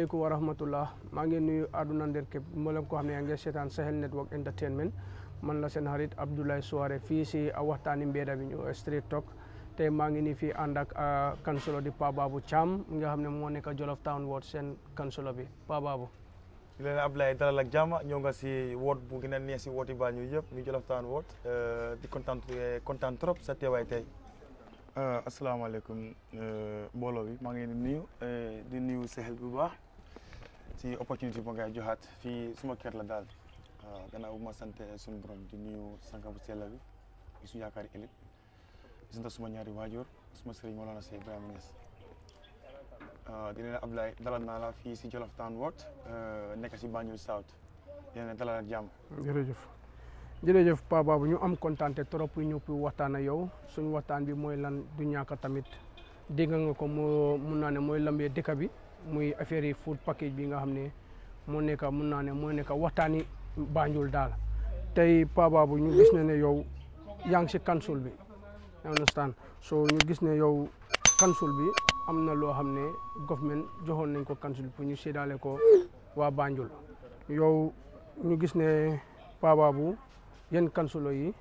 asalaamaaleykum wa rahmatullah maa ngi nuyu aduna nder ke mboolem koo xam ngi setan Sahel Network Entertainment man la sen harit Abdoulaye fi ci a waxtani mbeda bi ñu street talk te ma ngi ni fi andak a ah, kansolo di Pa babu Cham nga xamne mo nek jollof Jolof Town Ward sen kansolo bi Pa babu di leen Abdoulaye dalal ak jama ñu nga si ward bu gina ne ci si wooti Banjul ñu Jolof Town Ward eh, di content eh, content trop sa teewaay tey ah, asalaamaaleykum eh, mbooloo bi maa ngi ni di nuyu di nuyu Sahel bu baax si opportunité bu ngay joxat fi suma kër la dal euh gëna wu ma sante suñu borom di nuyu sànq bu sell bi ci suñu yaakaari ëllëg di sant suma ñaari wajur suma sëriñ Mawlana Sey ness euh di leen ablay dalal na la fi ci jollof Town Ward euh, nek ci Banjul South di leen dalal ak jàmm. jërëjëf jërëjëf Pa Babou ñu am contenté trop ñu pu pour waxtaan ak yow suñu waxtaan bi moy lan du ñaka tamit dégg nga ko mu mun naa ne mooy bi. muy affaire yi food package bi nga xam mo nekk mun naa ne moo nekk waxtani Banjul dal tay tey Pabaabu ñu gis na ne yow yang ci si council bi understand so ñu gis ne yow council bi amna lo loo government joxon nañ ko council pour ñu sédalé ko wa Banjul yow ñu gis ne Pabaabu yeen councilor yi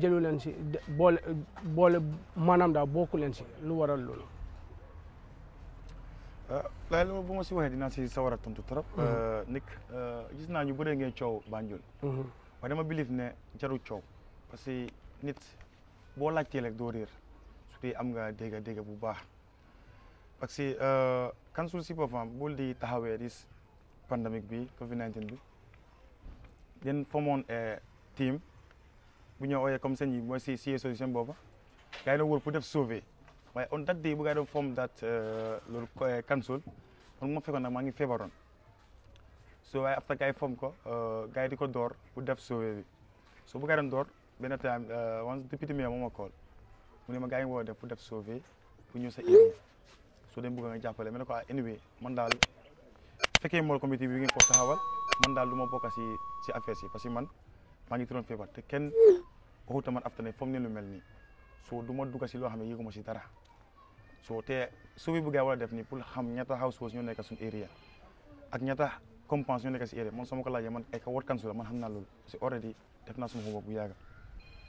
jëlu leen si boole boole maanaam daal bokku leen si lu waral loolu Lalu la bu ma si waxee dinaa si sawar a tontu trop. nit gis naa ñu bëree ngeen coow Banjul. waaye dama believe ne jarul coow parce que nit boo laajtee rek doo réer su dee am nga dégg dégg bu baax parce que kansul si boppam bul di taxawee di pandémique bi Covid 19 bi den formoon team bu ñu ooyee comme seen yi mooy si si solution boobu gars yi pour def sauver waaye on date bi bu gaa doon form that loolu uh, eh, council man ma fekkoon nag maa ngi feebaroon so waaye après gaa yi form ko uh, gaa yi di ko door bu def sauvé bi so bu gaa doon door benn time uh, once depuis demi moo ma call mu ne ma gaa yi woo def bu def sauvé bu ñëw sa area so dañ bëgg nga jàppale ma ne ko ah anyway man daal fekkee mool comité bi ngeen ko taxawal man daal du ma bokk si si affaire yi parce que man maa ngi turoon feebar te kenn waxut man after ne foog ne lu mel nii so du ma dugg si loo xam ne yëguma si dara soo te su bi bëggee war a def nii pour xam ñaata house house ñoo nekk suñu area ak ñaata compense ñoo nekk area man sama ko laajee man ay ka ward council la man xam naa loolu si already def naa suma homework bu yàgg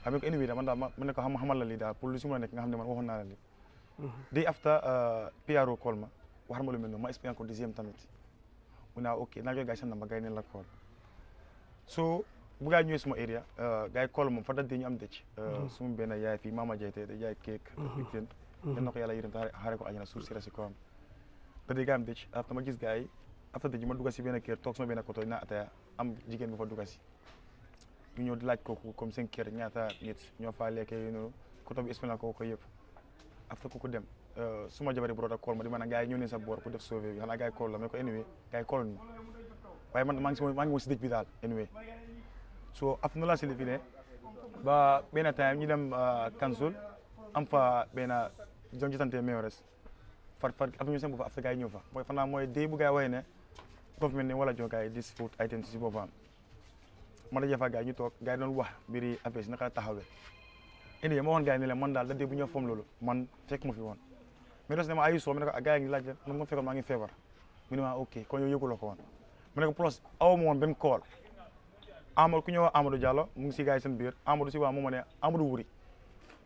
xam ko anyway man daal ma ne ko xam xamal lii pour lu si mën a nekk nga xam ne man waxoon naa la mm-hmm. day after uh, PRO call ma wax ma lu mel ma expliqué ko deuxième tamit mu ne ok naa jox gars yi seen namba gars yi neen la call so bu gaa ñëwee suma area uh, gars yi call moom fa dal di ñu am dëj uh, mm-hmm. suma benn yaay fii Mama Jaay te day jaay cake weekend yal mhm. na ko yàlla yërëm te xaare ko àjjana suuf si rasi ko am te di gaam dëj afta ma gis gars yi afta dëj ma dugg si benn kër toog sama benn koto naa ataya am jigéen bu fa dugg si ñu ñëw di laaj kooku comme seen kër ñaata ko ko dem euh, suma jabari bu rota kool ma di ma ne yi ñëw sa boor pour def sauvé bi xanaa gars yi kool la mais ko anyway gars yi kool ñu waaye man maa si maa bi daal anyway so afta nu laa si lifi ba benn temps ñu dem council euh, am fa jom ci tante meores far far avenue sen bu fa afrika ñew fa moy fana moy de bu gaay way ne men ne wala jo gaay this food items ci bopam ma la jafa gaay ñu tok gaay doon wax biri affaire naka taxawé ene ma won gaay ne la man dal da de bu ñoo fam lolu man fek mo fi won mais dos ne ma ayu so me ne ko gaay ngi laaj man mo ka ma ngi febar mu ne ma ok ko ñu yo ko won mu ne ko plus aw mo won ben call amul ku ñëw amadou diallo mu ngi ci gaay seen biir amadou ci wa mo ne amadou wuri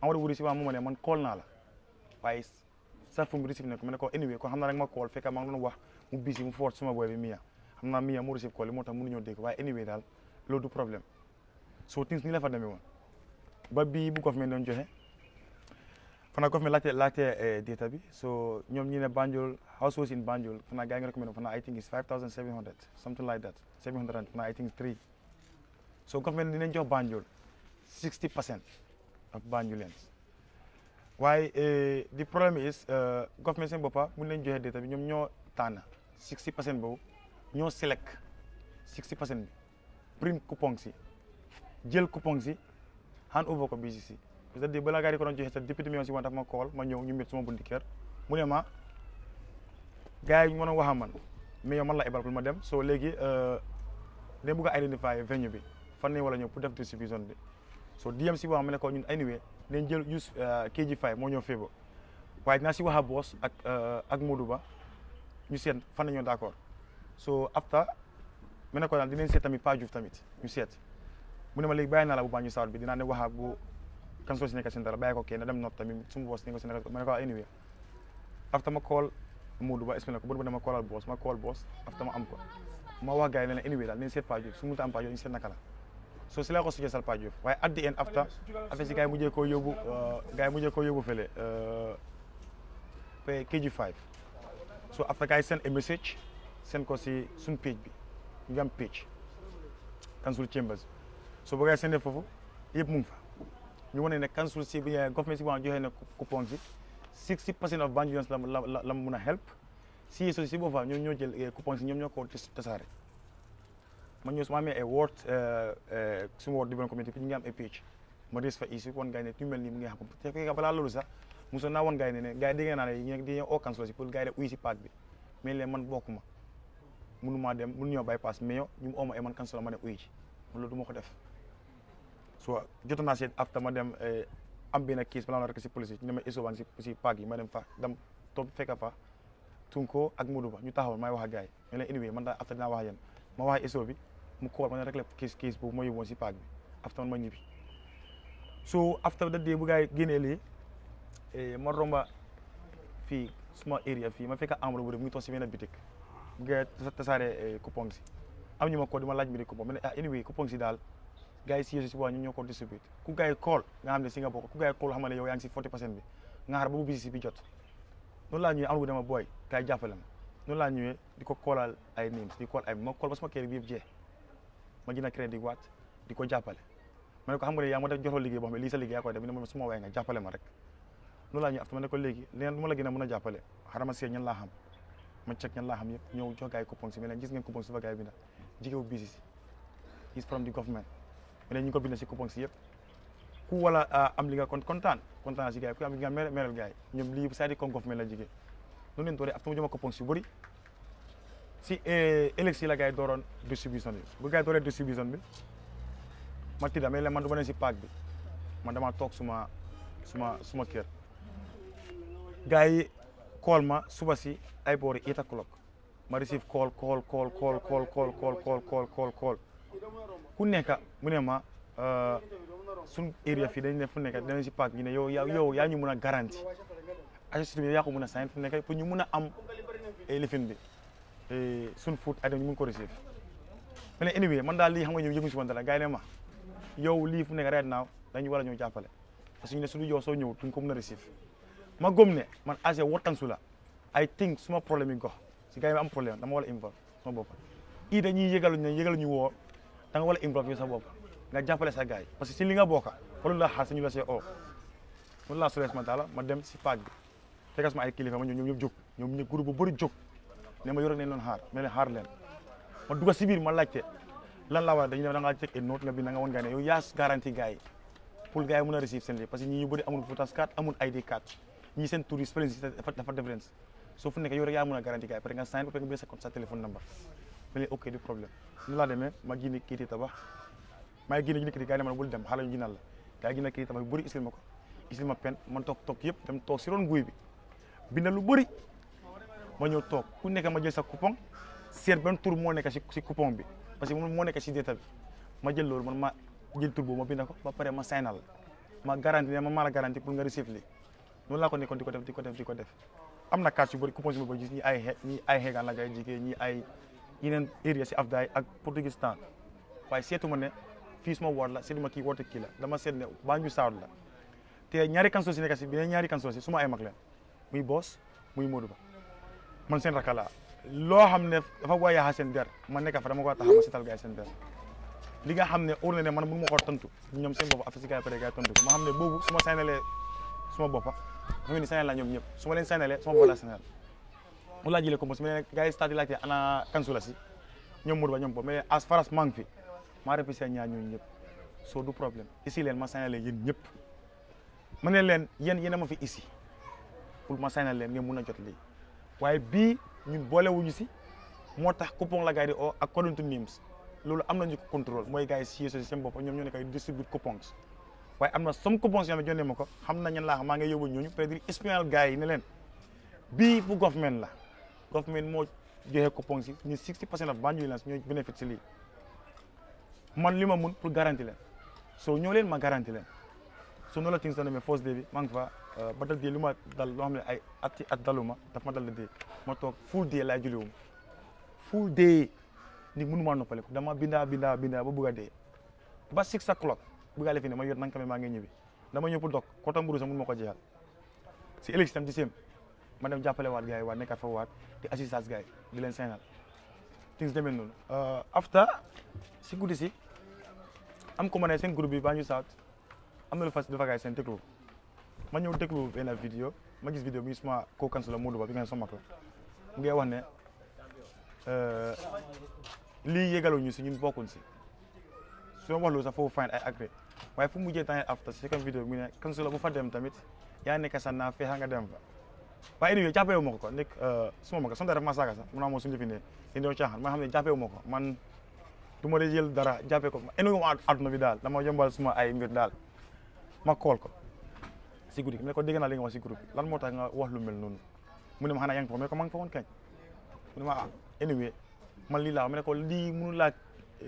amadou wuri ci wa mo ne man call na la waaye sa fu mu receive ne ko ma ne ko anyway kon xam naa rek ma call fekk maa ngi doon wax mu busy mu force sama boy bi Mia xam naa Mia mu receive call yi moo tax mënuñoo dégg waaye anyway daal loolu du problème so things nii la fa demee woon ba bii bu government doon joxe fanaa government laajte laajte eh, data bi so ñoom ñu ne Banjul households in Banjul fanaa gars yi nga recommend fanaa I think is five thousand seven hundred something like that seven hundred and fanaa I think three so government dinañ jox Banjul sixty percent of Banjulians why uh, eh, the problem is uh, government sen bopa mun len joxe data bi ñom ñoo tan 60% bo ñoo select 60% print coupon si jël coupon si hand over ko BCC c'est à dire bala gari ko don joxe député mion si won ma call ma ñew ñu met sama bundi kër mu ne ma gaay ñu mëna waxa man mais man la ibal ma dem so legi euh dem bu ko identify venue bi fan wala ñew pour def distribution bi so DMC wax mané ko ñun anyway nañ jël use euh, KG5 moo ñëw Favour waaye naa si wax a boss ak euh, ak Modou Ba ñu seet fan la ñu d' accord so after mu ne ko daal dinañ tamit Pa Diouf tamit ñu seet mu ne ma bu baax ñu wax ak bu kan seen dara bàyyi ko kii na not tamit su ma boss nekk seen dara ma ne ko ah, anyway after ma call Modou Ba expliqué ko bu dama callal boss ma call boss after ma am ko ma wax gars yi ne anyway daal dinañ seet Pa Diouf su ta am Pa Diouf ñu seet naka la so sila ko suggestal Pa Diouf waaye at the end after affaire si gars mujjee koo yóbbu euh, gars yi mujjee koo yóbbu fële euh, KG5 so after gars send a message send ko si suñ page bi ñu ngi am page council chambers so bu gars foofu yëpp mu ngi fa ñu wane ne council si bi eh, government si waan joxee ne coupon si percent of Banjulians la la la mun a help si so si boo fa ñoom ñoo jël eh, coupon ñoom ñoo ko tasaare ma ñëw suma word ay ward suma ward development community ñu ngi am ay page ma des fa isi won gars ne ñu mel nii mu ngi xam te ko balaa loolu sax musoon naa won gars ne ne gars yi dégg ne ñu nekk dañoo pour gars yi uy si paak bi mais leen man bokkuma mënumaa dem mënu ñoo ya bypass mais yow ñu mu oo ma man kan ma ne uy ci loolu du ko def so jotoon naa si after ma dem eh, am benn kis balaa ma rek si police ñu ma si si paak yi ma dem fa dam top fekka fa Tunko ak muduba Ba ñu taxawoon may wax ak ñu anyway man da after dinaa wax ak ma wax iso bi mu koor ma ne rek la kiis kiis boobu ma yóbboon si paak bi after ma ñibbi so after that day bu gars yi génnee eh, ma romba fii suma area fii ma fekk ambre bu rek mu ngi toog si benn bitik bu gars yi tasaare eh, coupon am ñu ma ko di ma laaj mbiri coupon ma ah, daal gars yi si yéesu si boobaa ñun ñoo ko distribué ku gars yi call nga xam ne si ku gars yi call xam ne yow yaa ngi si 40 percent bi nga xaar ba bu bisi si bi jot noonu laa ñëwee ambre bu dama booy kaay jàppale ma noonu laa ñëwee di ko callal ay names di ma jënd crédit waat di ko jàppale ma ne ko xam nga ne yaa ma def joxoo liggéey boo xam ne lii sa liggéey koy def ne ma su ma nga jàppale ma rek loolu laa ñu afta ma ne ko léegi leneen lu ma la gën a mën a jàppale xarama see ñan laa ma cek ñan laa xam yëpp ñëw jox si mais leen ko bind si coupon si yëpp ku wala ah, am li kon kontaan kontaan si gaay ku am li nga merel gaay ñoom lii bu saa government la jigee noonu leen dooree afta ma joma coupon si eleksi la kay doron distribution bi bu kay doron distribution bi ma tidam le man duma ne si pack bi man dama tok suma suma suma kër gay call ma suba si ay bori 8 clock ma receive call call call call call call call call call call call ku neka mu ma sun area fi dañ ne fu neka dañ si pack gi ne yow yow ya ñu mëna garantie garanti agence bi yaa ko mëna a sign fu neka pour ñu mëna am lifin bi Eh, suñ foot ay ñu mun ko receive ma ne anyway man daal lii xam nga ñëw yëguñ si woon dara gars yi ne ma yow lii fu nekk right now dañu war a ñëw jàppale parce que ñu ne suñu yow soo ñëw duñ ko mën a receive ma gëm ne man as a wattansu la I think suma problème yi gox si gars yi am problème dama war a involve sama bopp ii dañuy yëgalu ñu yëgalu ñu woo da nga war a involve sa bopp nga jàppale sa gars yi parce que si li nga bokka walu la xaar si ñu la see o ma daala ma dem si paaj bi fekk sama ay kilifa ma ñoom ñëpp jóg ñoom ne ma yor nañ doon xaar ne leen leen ma dugg si ma laajte lan la war dañu ne da ngaa teg note nga bi na nga woon gars yi yow yaa garanti gars yi pour gars yi mën a receive seen lii parce que ñi ñu bëri amul photos card amul ID card ñi seen tur yi soo fu nekk yow yaa mën a garanti gars yi parce nga sign ba pare nga bind sa sa téléphone number ma ok du problème ni laa demee ma génne kiiti tabax ma bul dem xaaral tabax bi bindal lu bëri ma ñëw toog ku nekk ma jël sa coupon seet ban tur moo nekk si si coupon bi parce que moo nekk si data bi ma jël loolu man ma jël tur boobu ma bind ko ba pare ma signal ma garanti ne ma maa la garanti pour nga receive noonu laa ko nekkoon di ko def di ko def di ko def am na carte yu bëri coupon si ma gis ñi ay xe ñi ay xeegaan la ngay jigéen ñi ay yeneen area si Afdaay ak Portugistan waaye seetu ma ne fii suma woor la seetu ma kii woote kii la dama seet ne Banjul South la te ñaari kanso si nekk si beneen Ba man seen rakala lo xamne dafa waya ha seen der man nek fa dama ko taxama setal seen der li nga xamne ne na ne man mënu ma koo tontu ñom seen bopp afisi si gaay pare gaay tontu ma xam ne boobu su ma sañalee suma boppa ni la suma la mu ko gaay stade ana kansula la si ñoom mur ba ñom bo mais as faras mang ngi fi maa répété ñaan ñooñu ñep so du problème ici len ma sañalee yeen ñep mané len yeen yeenama fi ici pour ma sañal ngeen mëna jot li waaye bii ñun boolewuñu si moo tax coupon la gars yi o oo ak according to NIMS loolu am nañu ko contrôle mooy gars yi si seen bopp ñoom ñoo ne koy distribute coupons waaye am na some coupons yoo xam ne jëndee ma ko xam nañ laa xam maa ngi yóbbu ñooñu peut être espionnel gars yi ne leen bii bu government la government moo joxe coupons yi ñun 60 pour cent of Banjul Lands ñooy bénéfice si lii man li ma mun pour garanti leen soo ñëw leen ma garanti leen. sunoo la ting sanami fos debi mang fa eh, ba dal di luma dal lo xamne ay atti at daluma daf ma dal di ma tok full day lay juliwum full day ni ma noppale ko dama binda binda binda ba buga de ba 6 o'clock buga lé fi ma yot nang nank ma nga ñibi dama ñëpp dok ko tam buru sa mënuma ko jéxal ci élection ci sem ma dem jappalé wat gay wat nekkat fa wat di assistance gay di len sénal things demel non euh after ci goudi ci am ko mané sen groupe bi bañu saat am na lu fas dafa gaay seen déglu ma ñëw déglu benn vidéo ma gis vidéo bi suma kookan su la Modou Ba bi nga sama mag la mu ngi wax ne euh, lii yëgaluñu si ñun bokkuñ si su ma wax loolu sax foofu find ay agré waaye fu mujjee temps after second vidéo mu ne kan su la bu fa dem tamit yaa nekk sa naa feexa nga dem fa waaye anyway jàppee wu ma ko quoi nekk euh, suma mag sonte def ma saaga sax mun naa moom suñu lifine yéen ñoo caaxaan ma xam ne jàppee wu ma ko man du ma dee jël dara jàppee ko enu ma àdduna bi daal dama yombal suma ay mbir daal ma kool ko si guddi ne ko dégg naa li nga wax si groupe lan moo tax nga wax lu mel noonu mu ne ma xanaa yaa ngi fa mais ko maa ngi fa ma ah, anyway man lii laa ma ne ko lii mënu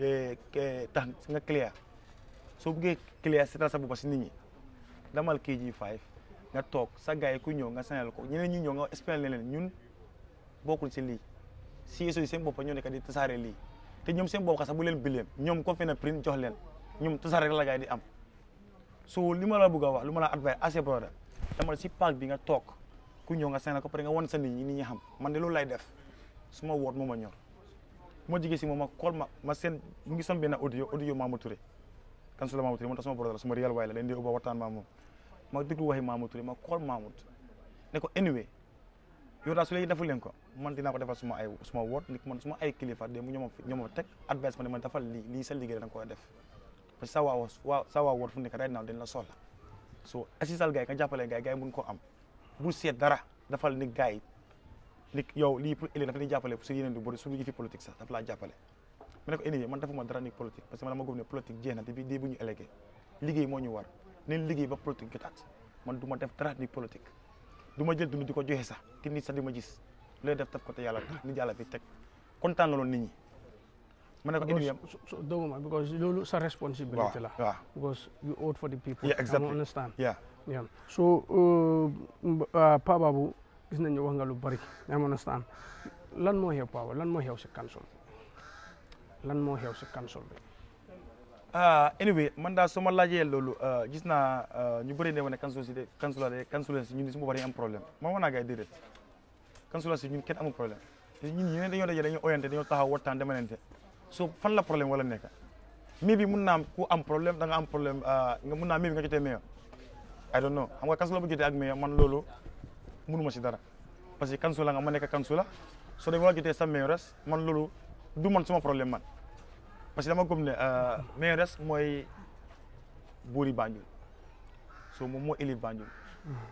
eh, eh, tax nga clear soo bëggee clear seetal sa bopp si nit ñi damal KG5 nga toog sa gars yi ku ñëw nga sanal ko ñeneen ñu ñëw nga ne leen ñun si lii CSO yi seen bopp ñoo nekk di tasaare lii te ñoom seen bopp sax bu leen ñoom ko na print jox leen ñoom tasaare la gars di am so lima la bëgg wax lu la advice assez broda dama ci park bi nga tok ku ñow nga sen ko pare nga won sa nit ñi ñi xam man de lu lay def suma ma woot ma ñor mo jige ci moma kol ma ma sen mu ngi na audio audio mamou Touré kan su la Mamadou Touré mo tax sama broda sama real way la leen di uba waxtan mamou ma diglu waxi mamou Touré ma kol ne ko anyway yow daal su léegi deful leen ko man dina ko defal suma ay suma woot ni man suma ay kilifa de mu ñoma ñoma tek advice defal li li sa liggéey da nga def parce que sa waa waa sa waa woon fu nekk right now dañ la soxla so assistal gars yi nga jàppale gars yi gars yi mun koo am bul seet dara dafal ni gars yi li yow lii pour ëllëg dafa lay jàppale su yeneen di bëri su ñu fi politique sax dafa laa jàppale ko énii man defuma dara ni politique parce que man dama gëm ne politique jeex na bi dee bu ñu ëllëgee liggéey moo ñu war nañ liggéey ba politique jotaat man du ma def dara ni politique du ma jël dund di ko joxe sax te nit sax di ma gis looy def daf ko te yàlla tax nit teg kontaan na nit ñi ma ini? So, so, don't worry, because look sa responsible lah. Yeah. because you owe for the people yeah exactly I understand yeah yeah so uh, uh, papa Babou gis nañu wax nga lu bari I understand lan moo xew Pa lan moo xew si council lan moo si council bi ah, anyway manda daal lagi ma laajee loolu ah, gis naa ah, ñu bëri ne ma ne consulat consulat consulat si ñun su ma war ini problème ma Ini naa gars yi déedéet consulat si ini kenn amul problème ñun ñeneen dañoo daje dañoo so fan la problème wala nek mi bi mun ku am problème da nga am problème euh, nga mun na mi bi nga meilleur I don't know xam nga kansu la bu ak meilleur man lolu mënuma ci dara parce que kansu la nga ma nek la so dañ wala a jotee sa man lolu du man sama problème man parce que dama buri ne euh, moy bouri Banjul so mom mo élève Banjul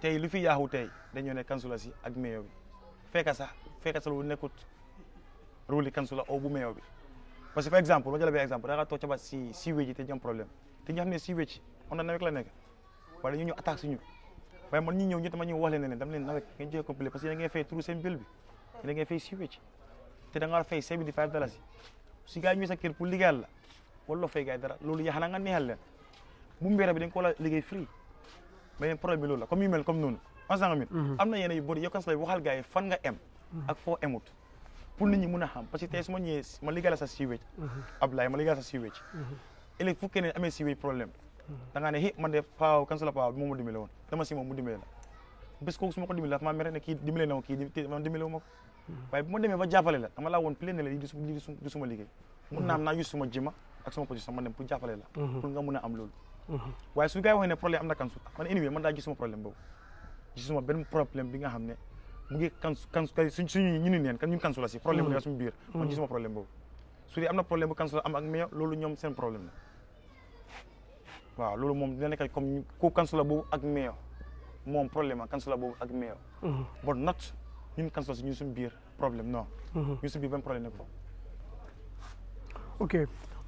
tay lu fi yahou tay dañu ne kansu la si ak meilleur bi fekka sax fekka sax lu nekkut rôle kansu la bu meilleur parce que par exemple ma jël un exemple da nga tok ci ba si si wéji té ñam problème té ñu xamné si wéji on na nawek la nek wala ñu ñu attaque suñu way man ñi ñew ñu tam ñu wax leen dam leen nawek ngeen jëk complet parce que ngeen fay trou sen bill bi ngeen fay si wéji té da nga fay 75 dollars si gaay ñu sa kër pour ligal la wala fay gaay dara lolu ya xana nga neexal leen bu mbéra bi dañ ko la free mais problème bi lolu la comme yu mel comme nonu on s'en mhm. amna yene yu bari yokas lay waxal gaay fan nga em mhm. ak fo emut pour nit ñi mën a xam parce que tey su ma ñëwee ma liggéeyal sa siwéej mm-hmm. Ablaye ma liggéeyal sa siwéej mm-hmm. ëllëg fu keneen amee siwéej problème mm-hmm. da ne hi man de paaw kan sala paaw moom ma dimbale la woon plein ne la lii suma liggéey mun naa naa yus suma jima ak suma position ma dem pour jàppale la pour nga mën a am loolu waaye su gars yi ne problème am na kan su man anyway man daa gis suma problème boobu gis suma benn problème bi nga xam ne mu ngi kan kan kay suñ suñu ñu ni neen kan ñu kansu la si problème bu nekk mm. suñu biir mm. bu kansu la am ak mais loolu ñoom seen problème la waaw loolu moom dina nekk comme ku kansula boobu ak meew moom problème ah kansula boobu ak meew. Mm. biir problème non. Mm-hmm.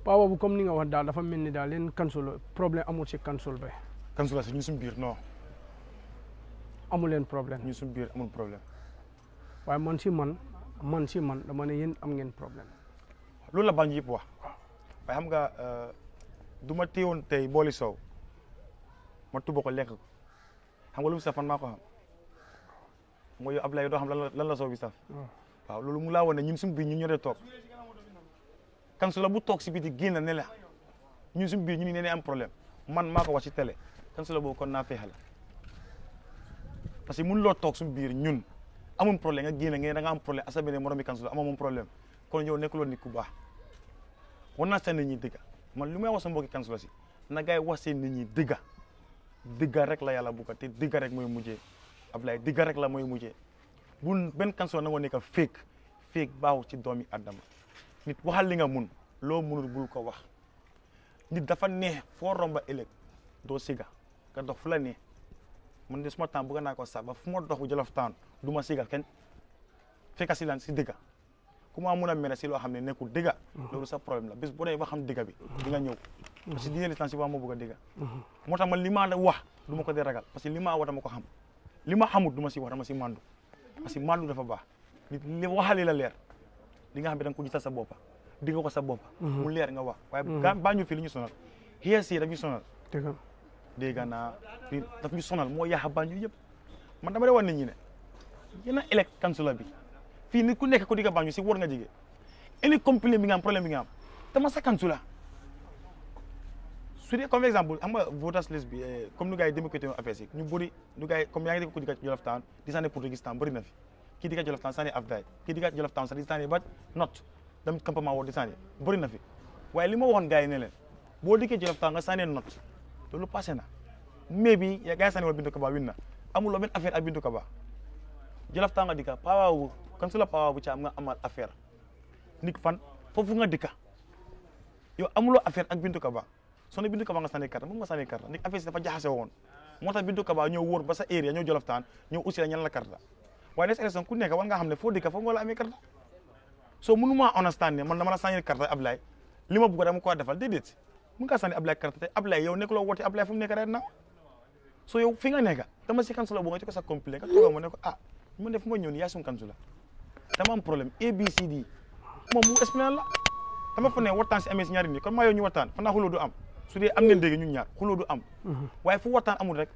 problème ni nga wax daal dafa mel ni daal leen kansula problème amul si kansul ba. kansula biir non. amul leen problème ñun suñu biir amul problème. waaye man si man man si man dama ne yéen am ngeen problème. loolu la bañ yëpp wax waaye xam nga euh, du ma téyewoon tey booli soow ma tuba ko lekk ko xam nga lu mu saf man maa ko la mooy yow lan la la soow bi saf. waaw loolu mu laa woon ne ñun suñu biir ñun ñoo dee toog kan su la bu toog si biti génn ne la ñun suñu biir ñu ne am problème man maa ko wax si télé kan su la boobu kon naa fexe la parce que mun loo toog suñu biir ñun. amul problème nga génne ngeen da nga am problème asa bene moromi kansu la ama moom problème kon yow nekkuloo nit ku baax war naa seen nit ñi dëgga man lu may wax sa mbokki kansu la si na gaay wax seen nit ñi digga digga rek la yàlla bugga te dëgga rek mooy mujjee Ablaye dëgga rek la mooy mujjee bu benn kansu la nangoo nekk féeg féeg baaw ci doomi Adama nit waxal li nga mun loo munul bul ko wax nit dafa neex foo romba ëllëg doo siga nga dox fu la neex man de suma temps bëgg naa ko sàmm fu ma dox bu jëlof temps du ma siigal kenn fekk si diga ku ma mun ne nekkul dëgga sa problème la bis bu dee ba xam dëgga bi di nga ñëw parce que diine l'islam si ba mo bëgg diga motax man li ma wax duma ko dee ragal parce que li ma wax dama ko xam li ma xamut duma ma si wax dama si mandu parce que mandu dafa baax nit li waxali la leer li nga xam bi dang ko gisal sa bop di nga ko sa bop mu leer nga wax waye baa ñu fi li ñu sonal xees yi dañu sonal dégg naa fii daf ñu sonal moo yàq Banjul yëpp man dama de wax nit ñi ne yéen a élect bi fii ni ku nekk ku digga Banjul si war nga jege any complain bi nga am bi nga am dama sa kansula su dee comme exemple xam nga voters list bi eh, comme nu gars yi démocratie affaire yi ñu bëri nu gars comme yaa ngi ku digga Jolof Town di sànni Portuguese Town bëri na fi kii digga Jolof Town sànni Afdaay kii digga Jolof Town sànni sànni ba di sànni bëri na waaye li ma waxoon gars ne leen boo dikkee Jolof Town nga sànni not loolu passé na mais bi ya gaa yi sànni woon Bintu Kaba win na amuloo benn affaire ak Bintu Kaba Jolof Tanga dikka paawaawu kon su la paawaawu ca am nga amal affaire nit fan foofu nga dikka yow amuloo affaire ak Bintu Kaba soo ne Bintu Kaba nga sànni carte moom nga sànni carte nit affaire si dafa jaxase woon moo tax Bintu Kaba ñëw wóor ba sa area ñëw Jolof Taan ñëw aussi ñan la carte waaye des élection ku nekk war nga xam ne foo dikka foofu nga la amee carte soo mënu maa understand ne man dama la sànni carte Ablaye mun ka sani ablay karta ablay yow nekkuloo woote Ablaye fu mu nekk ren so yow fi nga nek dama si kansula bu nga ci ko sa complet ka toog mo nek ah mu def ma ñëw ni yaa sun kansula dama am problème a b c d mo mu explain la dama fa ne waxtaan si amee si ñaari nit kon ma yow ñu wartan fa na xulo du am su dee am ngeen dégg ñun ñaar xulo du am mm-hmm. waye fu wartan amul rek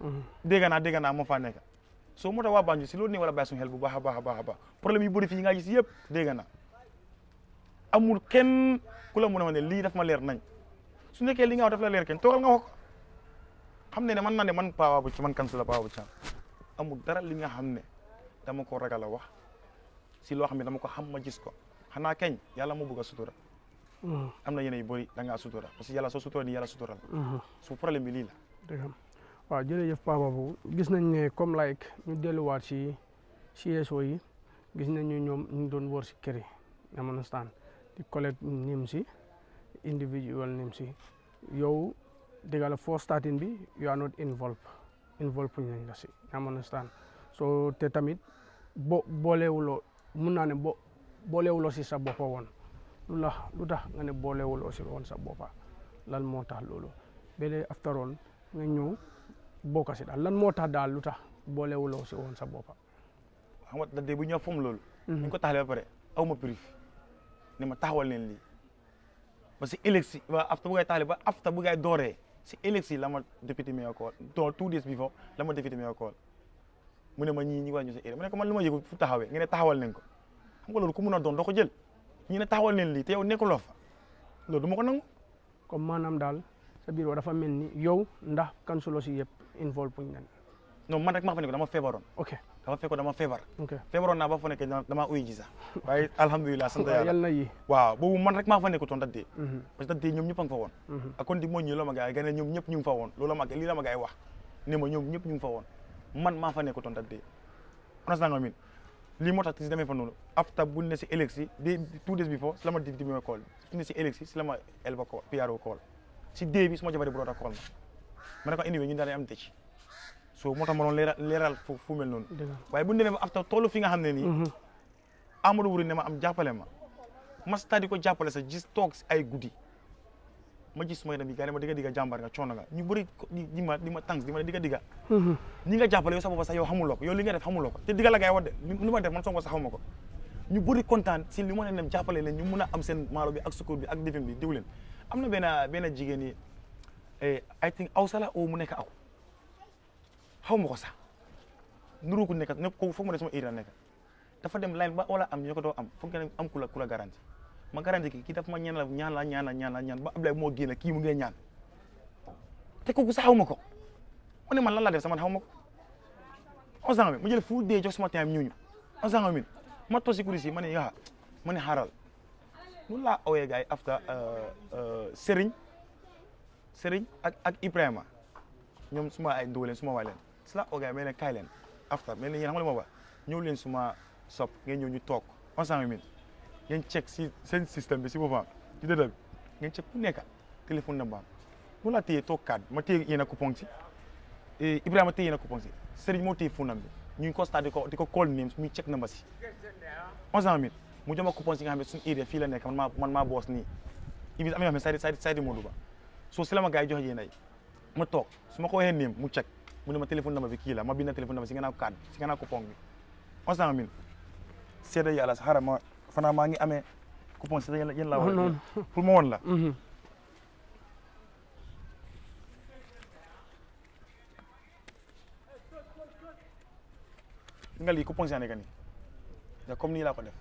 mm-hmm. dégg na dégg na mo fa nek so moo tax waa Banjul si loolu ne wala bàyyi sun xel bu baax a baax a problème yu bari fi nga gis yépp dégg na amul kenn kula mo mën ne li daf ma leer nañ su nekkee li nga wax daf la leer ken togal nga wax man na ne man bu ci man kan su la Paa Babou Thiam amul dara li nga xam dama ko ragala wax si lo xam dama ko xam ma gis ko xana kañ yalla mu bëgg sutura. amna yene yeneen yu da nga sutura parce que yàlla soo sutura ni yalla sutura jadi su problème bi li la. wa jere pawa bu gis nañ ne comme like ñu ci si eso yi gis nañ ñu ñom ñu doon ci di collecte nimsi. si. individual names si yow dëgga foo for starting bi you are not involved involved nañ la si am understand so te tamit bo boolewuloo mun naa ne bo boolewuloo si sa boppa woon lu la lu tax nga ne boolewuloo si woon sa boppa lan moo tax loolu bele after all nga ñëw bokka si daal lan moo tax daal lu tax boolewuloo si woon sa boppa xam nga da bu ñoo fom loolu ñu mm-hmm. ko taxalee ba pare aw ma prif ne ma lii ba si élection ba afta bu ngay taxale ba afta bu dooree si élection la ma député mayor call dans two days before la ma député mayor call mu ne ma ñii ñi war ñu sa éri mu ne ko man lu ma yëgu fu taxawee nga ne taxawal nañ ko xam nga loolu ku mun a doon doo ko jël ñu ne taxawal nañ lii te yow nekkuloo fa loolu du ma ko nangu comme maanaam daal sa biir wa dafa mel ni yow ndax kansulo si yëpp involve puñ nen non man rek maa fa ne ko dama feebaroon ok dama fekkoon dama feebar. feebaroon naa ba fa nekk dama uyu ji sax waaye alhamdulilah sant yàlla yàlla yi waaw boobu man rek maa fa nekkutoon daddee mhm. parce que daddee a ngi mhm. ma gars yi gane ñoom ñëpp ñu ngi fa woon loolu ma maa fa nekkutoon daddee onas naa nga min lii moo tax si demee fa noonu after bu ne si élection day two days before si la ma di mooy call si élection si la ma elba call si dee su ma jabari broda call ma ma ne ko anyway ñu daanee am dëj so moo tax ma doon leeral leeral fu fi nga xam ne nii mhm. Amadou Wuri ne ma am jàppale ma ma stadi ko jàppale sa gis toog si ay guddi ma gis sumay dem yi gars yi ma digga digga jàmbaar nga coono nga ñu bëri di ma di ma tànk di ma digga digga mhm. ñi nga jàppale yow sa yow xamuloo yow li nga def xamuloo te digga la gars yi wax de li ma def man Sonko sax xamuma ko ñu bëri kontaan si li ma leen dem jàppale leen ñu mun a am seen maalo bi ak sukkur bi ak difin bi diw leen am na benn benn jigéen yi eh, I oh, mu nekk aw xaw ma ko sax nuru ku nekk nekk ko foog ma ne sama iri la nekk dafa dem line ba wala am ñoo ko am foog nga am ku la ku ma garanti ki kii dafa ma ñaan la ñaan la ñaan la ñaan la ñaan ba Ablaye moo génne kii mu ngi ñaan te kooku sax xaw ma ko mu ne man lan laa def sama xaw ma ko onze ans mu jël fu dee jox sama time am onze ans min ma toog si kuréel yi ma ne yaa ma ne xaaral nu laa awee gars yi after euh, euh, Serigne Serigne ak ak Ibrahima suma ay ndóoleen suma sla ogaay mais leen kaay leen after mais leen yéen xam nga li ma ñëw leen suma sop nga ñëw ñu toog ensemble minute ngeen check si seen système bi si boppam ci check ku nekk téléphone na mbaam mu laa téye toog kaat ma téye yéen a coupon si eh, Ibrahima téye yéen a coupon si Serigne moo téye funam bi ñu constat di ko di ko call names muy check number si ensemble minute mu joma coupon si nga xam ne suñu fii la nekk man maa man maa boos nii ibi am na yoo xam Ba soo si la ma gars yi joxe ay ma toog su ma ko waxee néem mu mu ne ma téléphone dama bi kii la ma bind téléphone dama si nga naa ko si nga naa ko bi onze cent mille seede yàlla sax xaaral ma fanaa maa ngi amee coupon si mhm. nga lii coupon si nekk nii da comme nii laa ko def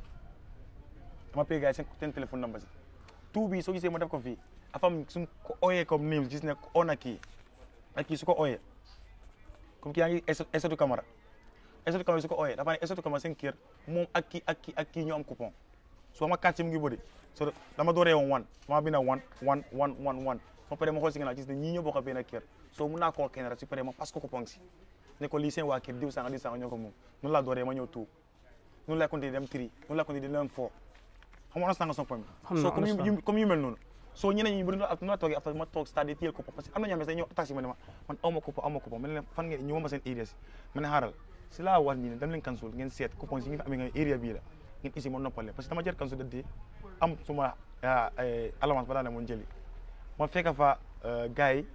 dama pay gars yi seen number si tout bi soo gisee ma def ko fii afam suñ ko ooyee comme nii gis ne ko oo na kii ak kii su ko ooyee comme que yaa ngi Aïssatou Camara Aïssatou Camara su ko ooyee dafa ne Aïssatou Camara seen kër moom ak kii ak kii ak kii ñu am coupon su ma kàcce mu ngi bëri so dama dooree one wan dama bind wan one one one wan ma pare ma xool si ginnaaw gis ne ñii ñoo bokk ak benn kër soo mun naa koo kenn rek su pare ma pas ko coupon si ne ko lii seen waa kër diw sanga diw sanga ñoo ko moom noonu laa dooree ma ñëw tuub noonu laa continué dem tri noonu laa continué dem foo on a sànq son point so comme yu mel soo ñeneen ñi bu ñu la toogee après ma toog c'est-à-dire téyel ko parce que am na ñoo xam ne sax ñëw attaque si ma ne ma man aw ma coupon aw ma coupon ma ne leen fan ngeen ñëw ma seen idée si ma ne xaaral si laa war ñi ne dem leen cancel ngeen seet coupon si nga fi amee nga area bii la ngeen isi ma noppale parce que dama jël cancel daddi am suma ah, eh, allowance ba daa ne moon jëli ma fekk fa eh, gars yi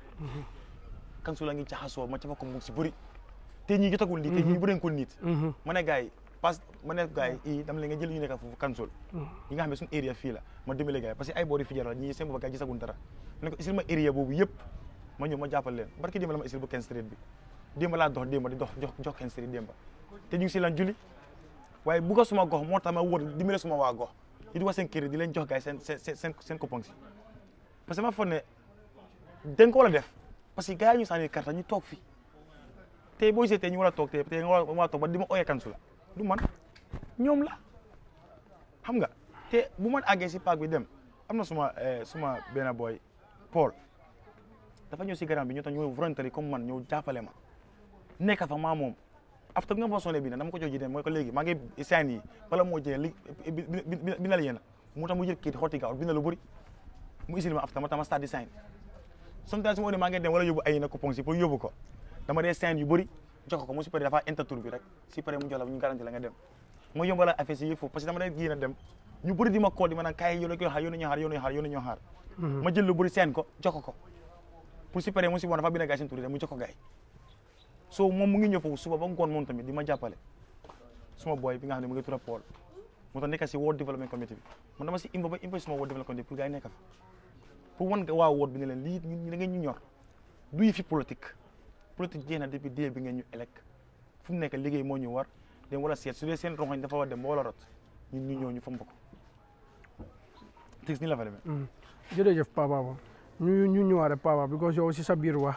cancel la ngi jaxasoo ma cafa ko mu si bëri te ñii jotagul lii te ñii mm-hmm. bu ko niit mm-hmm. ma ne gars yi pas que ma ne gars yi dama leen nga jël ñu nekk foofu kansul hmm. yi nga xam ne area fii la ma dimbale gars yi parce que ay boori fi jaral ñi seen bopp gars yi gisaguñ dara ko isil ma area boobu yëpp ma ñëw ma jàppal leen barki démba la ma isil bu Ken Street bi démba laa dox démba di dox jox jox Ken Street démba te ñu ngi si lan julli waaye bu ko suma gox moo tax ma wóor dimbale suma waa gox di wax seen kër di leen jox gars yi seen seen coupon si parce que ma foog ne dañ ko war a def parce que gars yi ñu sànni carte ñu toog fi tey boo gisee tey ñu war a toog tey nga war a ba di ma ooyee du man ñoom la xam nga te bu man àggee si parc bi dem am na suma eh, suma benn boy Paul dafa ñëw si garaan bi ñu tax ñu volontaire comme man ñëw jàppale ma nekk fa maa moom after bi nga ma sonné bi nag dama ko jox ji dem mooy ko léegi maa ngi saan yi bala moo jëlee li bi na la mu tax mu jël kii xotti gaaw bi na lu bëri mu isil ma after ma tax ma stade di saan sometimes su ma ne maa ngi dem wala yóbbu ay na coupon si pour yóbbu ko dama dee saan yu bëri joko ko mu supéré dafa enter tour bi rek supéré mu jox ñu garanti la nga dem mo yombal affaire si yëfu parce que dama lay gën dem ñu bëri di ma ko di ma nan kay yu la koy xaar ñu nañu yu ñu nañu yu ñu nañu mhm. ma jël lu bëri sen ko joko ko pour supéré mu ci bon dafa bind gaay seen tour dem mu joko gay so moom mu ngi ñëw foofu suba ba ngon mon tamit di ma jappalé suma boy bi nga xam ne mu ngi tura Paul mo tax nekasi world development committee mo dama ci imba ba imba suma world development committee pour gay nekk pour won nga wa world bi ne len li da nga ñu ñor du yi fi politique politique jeena na depuis dée bi ngeen ñu élec fu nekk liggéey mo ñu war dem wala seet su dee sen rongoñ dafa war dem ba la rot ñun ñu ñoo ñu fomb ko ni la fa hmm. Papa Ba ñu ñu Papa because yow ci sa bir wa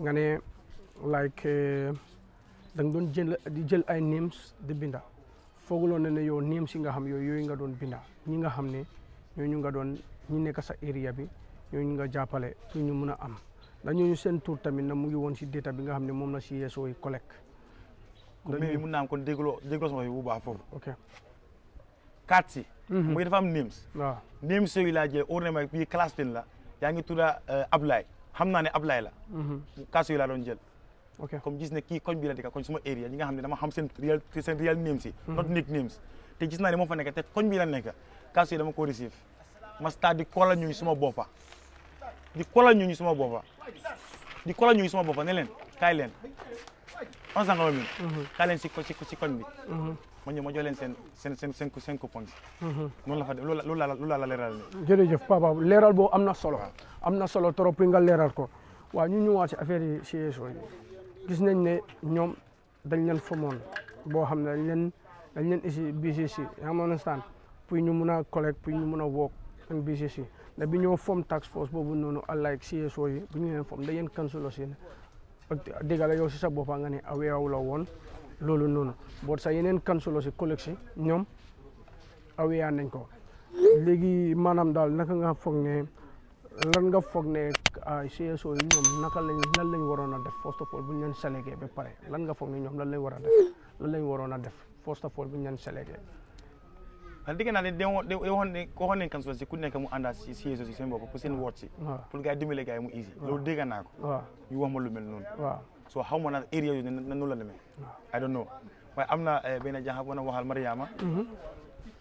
nga ne like eh, da nga doon jël di jël ay names di binda fooguloo ne ne yow names yi nga xam yooyu yoy nga doon binda ñi nga xam ne ñu nga doon ñi nekk sa area bi ñu nga jappalé pour ñu mëna am ndax ñooñu seen tur tamit na mu ngi woon si data bi nga xam ne moom la si yeesoo yi collecte. dañuy kon bii mun naa am kon dégloo dégloo sama fi bu baax foofu. ok carte si. Mhm. mu ngi dafa am names. waaw names yooyu laa jël au na ma bii classe pin la yaa ngi tudda euh, Ablaye xam naa ne Ablaye la. carte mhm. yooyu laa doon jël. ok comme gis ne kii koñ bi la dëkk koñ suma area ñi nga xam ne dama xam seen real seen real names yi. Mhm. not nick names te gis naa ne moom fa nekk te koñ bi la nekk carte yooyu dama ko receive ma stade di koola ñuy suma boppa di kolal ñu ñu sama boppa di kolal ñu ñu sama boppa ne leen kaay leen on s' en va kaay leen si ko si koñ bi. Mhm. ma ñëw ma jox leen seen seen seen seen seen mhm. la fa leeral ne. jërëjëf papa leeral boobu am na solo. am nga leeral ko waaw ñu ñëwaat si affaire yi si CSO yi gis nañ ne ñoom dañ leen fomoon boo xam ne dañ leen dañ leen isi BCC yaa ngi understand pour ñu mun a collecte ñu mun a wokk ak BCC. ne bi ñoo form tax force boobu noonu like CSO yi bu ñu leen form da yéen councilors si dégg la yow si sa boppam nga ne aweewu la woon loolu noonu boot sa yeneen councilors si collège si ñoom awea nañ ko léegi maanaam daal naka nga foog ne lan nga foog ne CSO yi ñoom naka lañ lan lañ waroon a def first of all bu ñu leen sélégué ba pare lan nga foog ne ñoom lan lañ war a def lan lañ waroon a def first of all bu ñu leen sélégué parce que dégg naa ne da waxoon ne waxoon nañ kan so si ku nekk mu ànda si si si seen bopp pour seen woot si pour gars yi dimbale gars yi mu easy loolu dégg naa ko ñu wax ma lu mel noonu so xaw ma na area yu na noonu la demee I don't know waaye am na benn jaaxa bu na waxal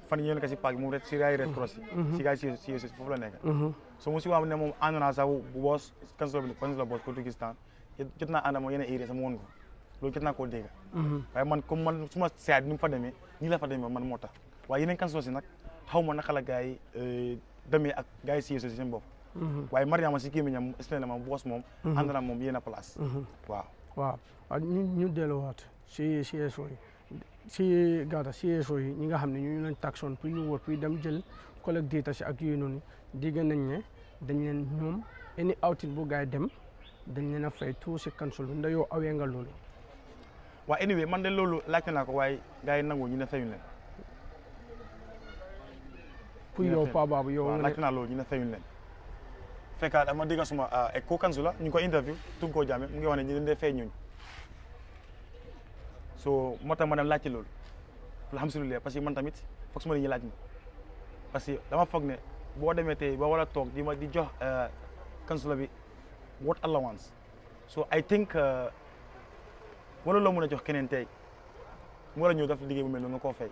fan yéen ka si paak moom rek si raay red cross si gars yi si si foofu la nekk so mu si wax ne moom ànd naa boos kan bi kan so boos Pakistan jot naa ànd moom yeneen area sama woon ko loolu jot naa koo dégg waaye man comme waaye yeneen kan si nag xaw ma naka la gars yi euh, demee ak gars yi si soosi seen bopp mhm. waaye Mariama si gémmiñam spécialement boos moom mhm. ànd na moom yéen a place mhm. waaw waaw ah, ñu ñu delluwaat si CSO yi si gaata CSO yi ñi nga xam ne ñu lañ taxoon pour ñu wóor pour dem jël collecte data si ak yooyu noonu dégg nañ ne dañ leen ñoom any outing bu gars yi dem dañ leen a fay tout si council bi ndax awee nga loolu waaw anyway man de loolu laajte naa ko waaye gaay yi nangu ñu ne fayuñ kuy yow Paa Babou yow. waaw laajte naa loolu ñu ne fayuñ leen. fekka dama dégg suma e ko la ñu ko interview tun ko jaame mu ngi wax ne ñu leen dee fay ñuñ so moo tax ma dem laajte loolu alhamdulilah parce que man tamit foog suma dañuy laaj ma parce que dama foog ne boo demee tey ba war a toog di ma di jox eh, kansula bi what allowance so I think eh, wala loo mën a jox keneen tey mu war a ñëw daf liggéey bu mel noonu nga koo fay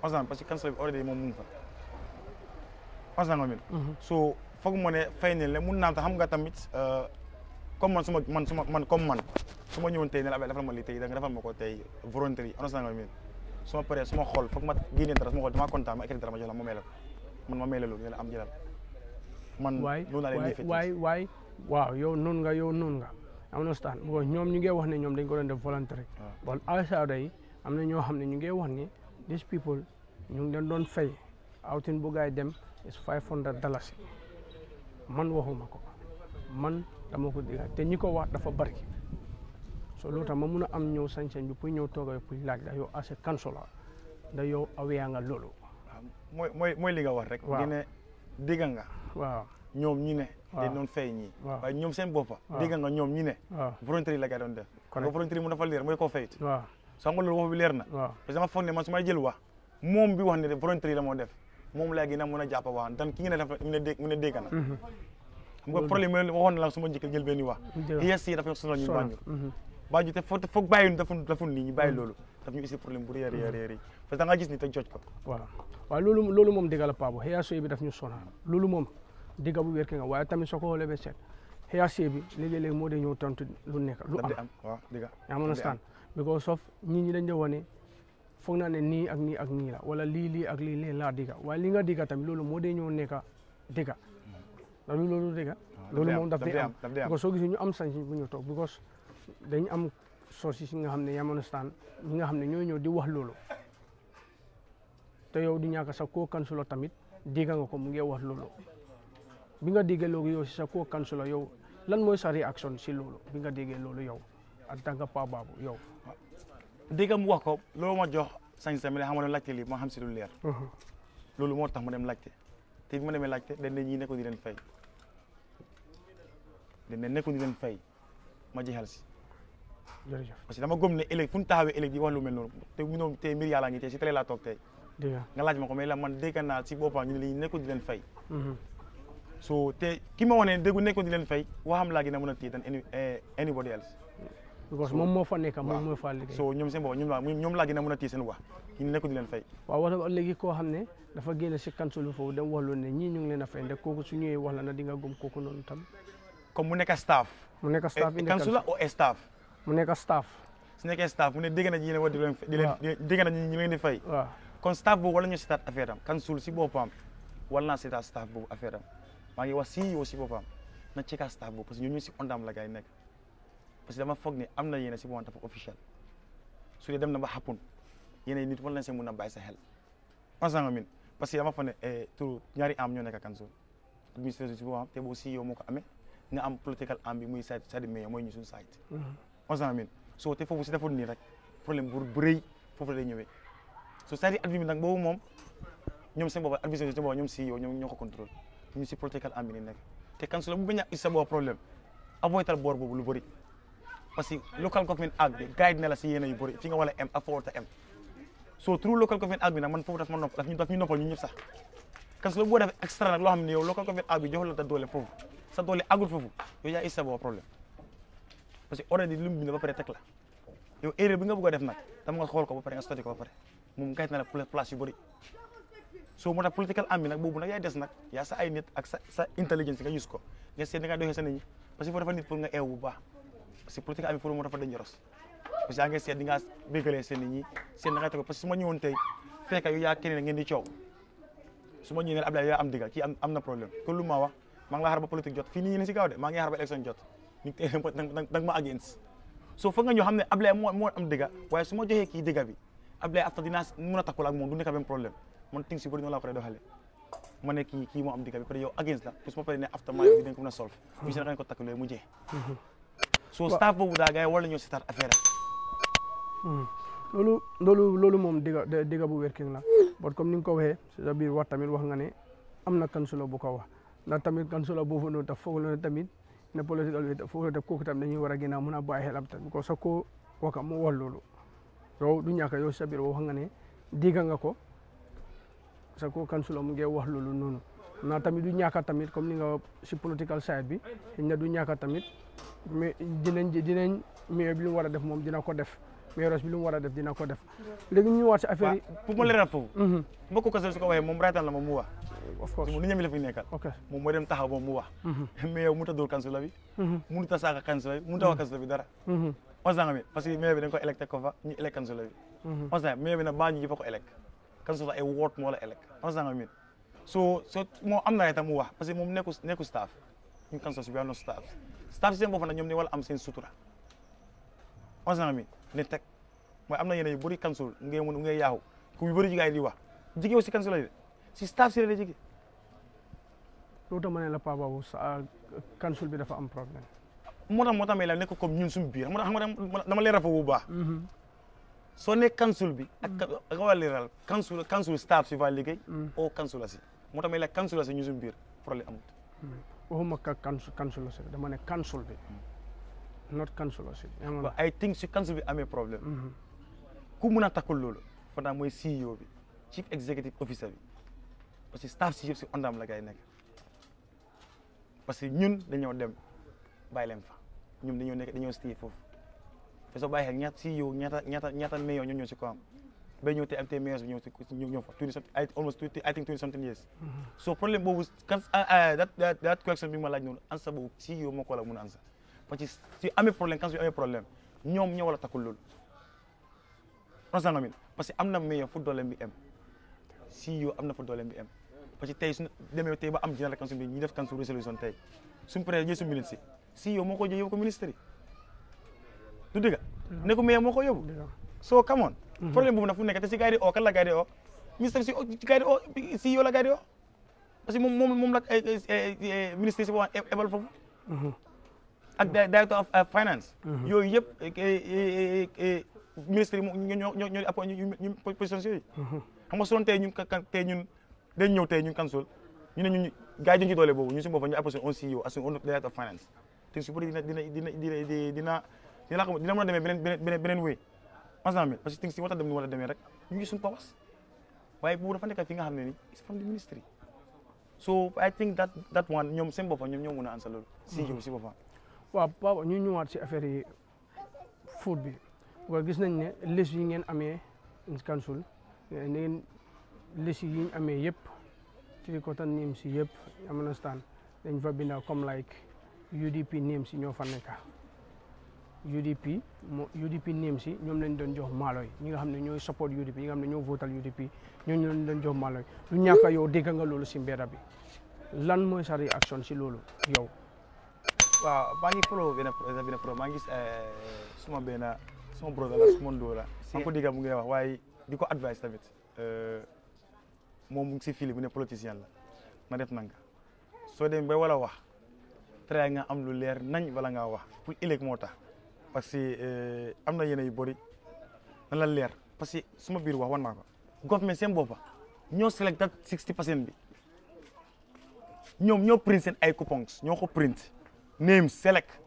parce que kansula understand nga mhm. so foog ma ne fay ne la mun naa ta xam nga tamit euh, comme man su ma ñëwoon tey ne la affaire ma lii tey da nga ma ko tey volontaire understand nga su ma paree su ma xool foog ma génnee dara su ma xool damaa kontaan ma écrit dara ma jox la ma may la man ma may la loolu ne la am jëlal man loolu laa leen waay waay waaw yow noonu nga yow noonu nga understand because ñoom ñu ngi wax ne ñoom dañ ko doon def volontaire ah. but outside yi am na ñoo xam ne ñu ngi wax ne these people ñu ngi leen doon fay outing bu dem is five hundred dalasi man waxuma ko man dama ko dégg te ñi ko wax dafa bari so loolu tax ma mun a am ñëw sañ-sañ bi pour ñëw tooga pour laaj da yow as a councilor da yow awee nga loolu mooy mooy mooy li nga wax rek ñu ne dégg nga waaw ñoom ñu ne dañ doon fay ñii waaye ñoom seen boppa dégg nga ñoom ñu ne volontaire la gaa doon def nga volontaire mu dafa leer mooy koo fayit waaw so xam nga loolu wax bi leer na parce que dama foog ne man su may jël wax moom bi wax ne volontaire la moo def moom laa gën a mën a jàpp waaw dan ki nga ne dafa mu ne dégg na mhm. xam nga problème waxoon na la suma njëkk jël problème bu réer réer réer parce que da nga gis ni te jooj ko waaw waaw loolu loolu moom dëgg la Paabo ISC bi daf ñu sonal loolu moom dëgg bu wér ki nga waaye tamit soo ko xoolee ba seet ISC bi léegi-léegi moo de ñëw tontu lu nekk lu am waaw dëgg am understand because of ñi ñi dañ de wone foog naa ne nii ak nii ak nii la wala lii lii ak lii lii laa digga waaye li nga digga tamit loolu moo dee ñoo nekka digga loolu loolu digga ah, loolu moom daf dee am because soo gisee ñu am sañ bu ñu toog because dañu am sources yi nga xam ne yamono staan ñi nga xam ne ñoo ñëw di wax loolu te yow di ñàkk sa koo kansulo tamit digga nga ko mu ngi wax loolu bi nga déggee loolu yow si sa koo kansulo yow lan mooy sa réaction si loolu bi nga déggee loolu yow en tant que Pa yow dégg mu wax ko loo ma jox sañ sa mi ne xam nga doon laajte lii ma xam si lu leer uh-huh. loolu moo tax mu dem laajte te bi ma dañ ne ñii nekkoon di leen fay dañ ne nekkoon di leen fay ma jeexal si jërëjëf parce que dama gëm ne ëllëg fu ñu taxawee ëllëg di wax lu mel noonu te mu noonu tey ngi te si te laa toog tey nga laaj ma ko mais la man dégg naa si boppam ñu ne lii di leen fay uh-huh. so te ki ma wane déggu nekkoon di leen fay waxam laa gën na mën a téye than eh, anybody else because moom moo fa nekk moom moo fa liggéey so ñoom seen bopp ñoom laa gën a mën a téye seen ñu nekk di leen fay waaw wax léegi koo dafa génn si kansul foofu dem wax loolu ne ñii ñu ngi leen a fay ndax kooku su ñëwee wax la na di nga mu nekk staff mu nekk staff eh, indi kansul la ou staff ne dégg na ñi leen boobu wala ñu seetaat affaire am kansul si boppam wala naa seetaat staff boobu am maa ngi wax si yow si boppam na ci ka boobu parce que ñoo ñu si ondam la gars nekk parce que dama foog ne am na yéen si moment dafa officiel su dem na ba xappun yéen nit war nañ see mun a bàyyi sa xel ensemble min parce que dama foog ne eh, tur ñaari am ñoo nekk Kanzu administration si boobu te boo si yow moo ko amee nga am political am bi muy side side meilleur mooy ñu suñu side ensemble min soo te foofu si defoon nii rek problème bu bu rëy foofu la day so cest à admin bi nag boobu moom ñoom seen boobu administration si boobu ñoom si yo ñoo ko contrôle ñu si political am bi ni nekk te Kanzu la bu bañ a sa boobu problème avoytal boor boobu lu bëri parce que local government act bi guide na la si yéen yu bëri fi nga war a am ak fa war a am so through local government act bi nag man foofu daf ma nopp daf ñu noppal ñu ñëpp sax parce que boo def extra nag loo xam ne yow local government act bi jox la ta doole foofu sa doole agul foofu yow yaa is sa bopp problème parce que already lu mu bind ba pare teg la yow erreur bi nga bëgg a def nag dama nga xool ko ba pare nga sotti ko ba pare moom guide na la place yu bëri so moo tax political am bi nag boobu nag yaay des nag yaa sa ay nit ak sa sa intelligence nga use ko nga seet ni nga doxee sa nit ñi parce que foo dafa nit pour nga eew bu baax c'est politique ami pour mo dañu dangerous parce que nga sét nga bégalé seen nit ñi seen nga tago parce que suma ñëwon tay fekk yu ya keneen ngeen di ciow suma ñëwé abdal ya am diga ki am amna problème ko lu ma wax ma nga xar politique jot fi nit ñi ci gaw dé ma nga xar élection jot nit té dang ma against so fa nga ñu xamné abdal mo mo am diga waye suma joxé ki digal bi abdal ya afta dina mëna takul ak mom du nekk ben problème mon ting ci bari no la ko doxalé mo ne ki kii am digal bi pare yow against la plus mo pare né after ma bi dañ ko mëna solve ñu si ko takulé mu jé soo staff boobu daa gars yi war nañoo seetaat affaire hmm. loolu loolu loolu moom diga diga bu wér la bon comme ni nga ko waxee sa biir wax tamit wax nga ne am na kansulo bu ka wax na tamit kansulo boobu noonu tax foog loolu tamit ne political bi foog loolu kooku tamit dañuy war a gën a mun a bàyyi xelam tamit ko sa koo waka mu wax loolu yow du ñàkk yow sa biir wax nga ne diga nga ko sa koo kansulo mu ngi wax loolu noonu. na tamit du ñàkk tamit comme ni nga si political side bi ne du ñàkk tamit mais war a def moom dina ko def maire bi lu mu war a def dina ko def léegi ñu ñëwaat si affaire yi. pour mu leeral foofu. Mhm. mbokku Kasam ko waxee moom raytaan la moom mu wax. la moom mu wax. Mhm. mais yow mënut a dóor kansula bi. Mhm. mënut a saaga kansula bi mënut a wax kansula bi dara. on bi dañ ko électé ko fa ñu kansula bi. on s' en maire bi a ko moo la élect on s' en so so moo am na ay tam mu wax parce que moom nekku nekku staff ñu kan sos we are not staff staff seen bopp nag ñoom ne wala am seen sutura onze ans mi ne teg mooy am na yeneen yu bëri kansul ngay mun ngay yaaxu ku yu bëri jigaay di wax jigéew si kansul la de si staff si la de jigéen loolu tax ma ne la Paa Babou kansul bi dafa am problème moo tax moo tax may la nekk comme ñun suñu biir moo tax xam dama leeral fa bu baax mm-hmm. soo ne kansul bi ak mm-hmm. nga war a leeral kansul kansul staff si fa liggéey oo kansul la moo tax may la council si ñu suñu biir problème amut. Hmm. waxuma ka council si dama ne council bi. Hmm. not council si. waaw ay think si council bi amee problème. Hmm. ku mun a takkul loolu. fanaan mooy CEO bi chief executive officer bi parce que staff si yëpp si ondam la gay nekk parce que ñun dañoo dem bàyyi leen fa ñun dañoo nekk dañoo stay foofu te soo bàyyi xel ñaata CEO ñaata ñaata ñaata mayor ñoo ñoo si ko bay ñëw te am tey meilleurs bi ñëw si ñëw mm-hmm. boobu kan ah, ah, bi ma laaj noonu ansa boobu si moo ko war a mun a ansa parce que amee problème kan su amee problème ñoom ñoo war a takkul loolu parce que am na meilleur fu dooleem bi am si yow na fu dooleem bi am que tey su demee tey ba am général council bi ñu def council résolution tey suñu paree ñëw suñu ministre si yow moo ko jël yóbbu ko ministre yi du ne ko meilleur moo ko yóbbu so come on problème boobu nag fu nekk te si gars yi di oo kan la gars yi di si gars yi que moom moom moom la ministre si boppam ebal foofu ak directeur of finance yooyu yëpp ministre yi ñoo ñoo ñoo appoint ñu position si yooyu xam nga soon tey ñun kan tey ñun dañ ñëw tey ñun kansul ñu ne ñun gars yi ñu ci doole boobu ñun suñu boppam ñu appoint on CEO as on directeur of finance te su bëri dina dina dina dina dina dina dina dina mën a agent bi parce que ting si war a dem demee rek ñu ngi suñu pawas waaye bu dafa nekk fi nga xam ne ni is from the ministry so I think that one ñoom seen boppam ñoom ñoo mën a ansa si mhm. yow si boppam waaw Papa ñu ñëwaat si affaire yi food bi waaye gis nañ ne liste yi ngeen amee council eh, ngeen liste yi ñu amee yëpp ci côté names si yëpp am na stan dañ fa binda comme like UDP names si ñoo fa nekka UDP UDP name si ñom lañ doon jox maloy ñi nga xamne ñoy support UDP ñi nga xamne ñoo votal UDP ñoo ñu doon jox maloy. yi lu ñàkk yow dégg nga lolu ci mbedda bi lan moy sa réaction si lolu yow wa maa ngi follow pro benn pro maa ngi eh, suma benn son brother la suma ndoo la maa ko dégg mu ngi wax waye diko advice tamit eh, mom mu ci si fili bu ne politicien la ma def nang so dem ba wala wax try nga am lu leer nañ wala nga wax pour élect moo parce que euh, am na yeneen yu bëri na la leer parce que suma biir wax wan naa ko government seen boppa ñoo selected 60 percent bi ñoom ñoo print seen ay coupons ñoo ko print name select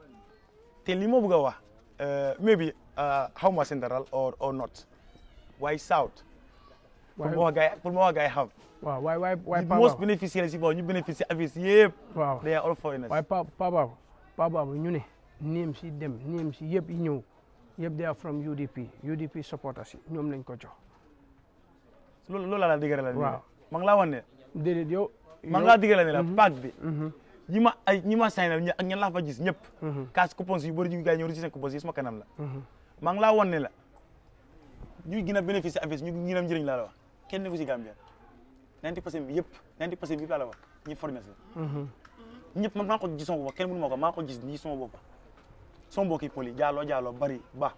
te li moo bëgg a wax euh, maybe euh, xaw ma central or or not waaye south pour ma wax gars yi xam waaw waay waay waay Paa Babou yi si ñu bénéficier affaire yëpp. Paa ñu names yi dem names yi yëpp yi ñëw yëpp they are from UDP UDP supporters yi ñoom lañ ko jox. loolu laa la digal la. waaw ma ngi laa wan ne. déedéet laa digal ne la mhm. paak bi. Mhm. ñi ma ay ñi ma saynal ak ñan laa fa gis ñëpp. Mhm. kaas coupons yu bëri ñu gars yi ñëw rek ci seen coupons yi la. ma laa wan ne la ñu gën a bénéficié affaire ñu gën a njëriñ laa la wax kenn ku si Gambia 90 pour cent bi yëpp laa la wax ñi formé si. ñëpp man ko gis sama bopp kenn mënu ma ko maa ko gis nii son mbokki pël yi jaaloo jaaloo bari ba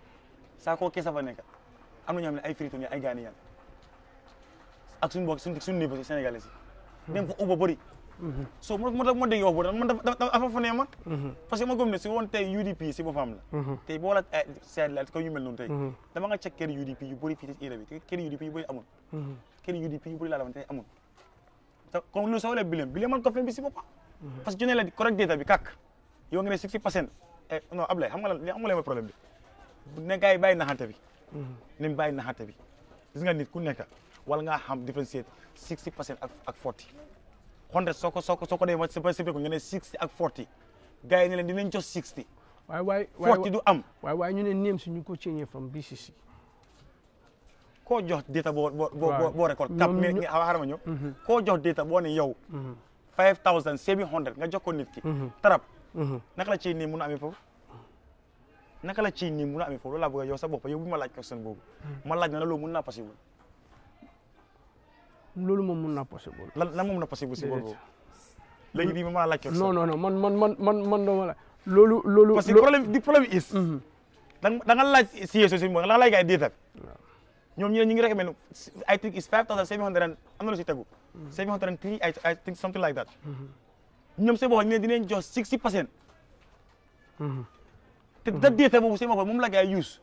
saako kese fa nekk am na ñoo xam ne ay Freetoon ay Ghanaian ak suñu mbokki suñu suñu niveau si Sénégalais yi. dem fa ubba mhm. so mu ma ma déggee wax boobu man dafa dafa fa nee man. Mhm. parce que ma gëm ne si woon tey UDP si boppam la. Mhm. tey UDP eh, yi kër UDP yu bëri lu soo leen bileem bileemal ko fi bi si boppam. parce que junne la correct data bi kàkk yow nga ne 60 pour Eh, non Ablaye xam nga lan li xam nga lan mooy problème bi ne gars yi bàyyi naxante bi mhm. nañ bàyyi naxante bi gis nga nit ku nekk wala ngaa xam différencier sixty percent ak ak forty hundred soo ko soo ko soo ko dee ma sipéko nga ne sixty ak forty gars yi ne leen dinañ jox sixty waay waay forty du am waay waay ñu ne neem si ñu ko change from BCC koo jox data boo boo boo boo récolte. ñoom ñoom ah, xaaral ma ñëw. Mhm. koo jox data boo ne yow. 5000 mhm. 700 nga jox ko nit ki. tarap Mm-hmm. naka la ciy nii mun a amee foofu naka la nii mun a amee foofu loolu laa bëgg yow sa bopp yow bu ma laaj question boobu mm-hmm. ma laaj na la loolu mun naa possible loolu moom mun naa possible lan lan moom mun na possible si boobu léegi bii ma mën a laaj question non non non man man man man man dooma loolu loolu parce que problème is mm-hmm. da nga laaj si so si da nga laaj gars yi déeta ñoom ñu ne ñu ngi I think it's five thousand seven hundred am na si tegu seven hundred and three I think something like that ñoom se boppam ñu ne dinañ jox sixty percent. Mhm. te da data boobu seen boppam moom la gars yi use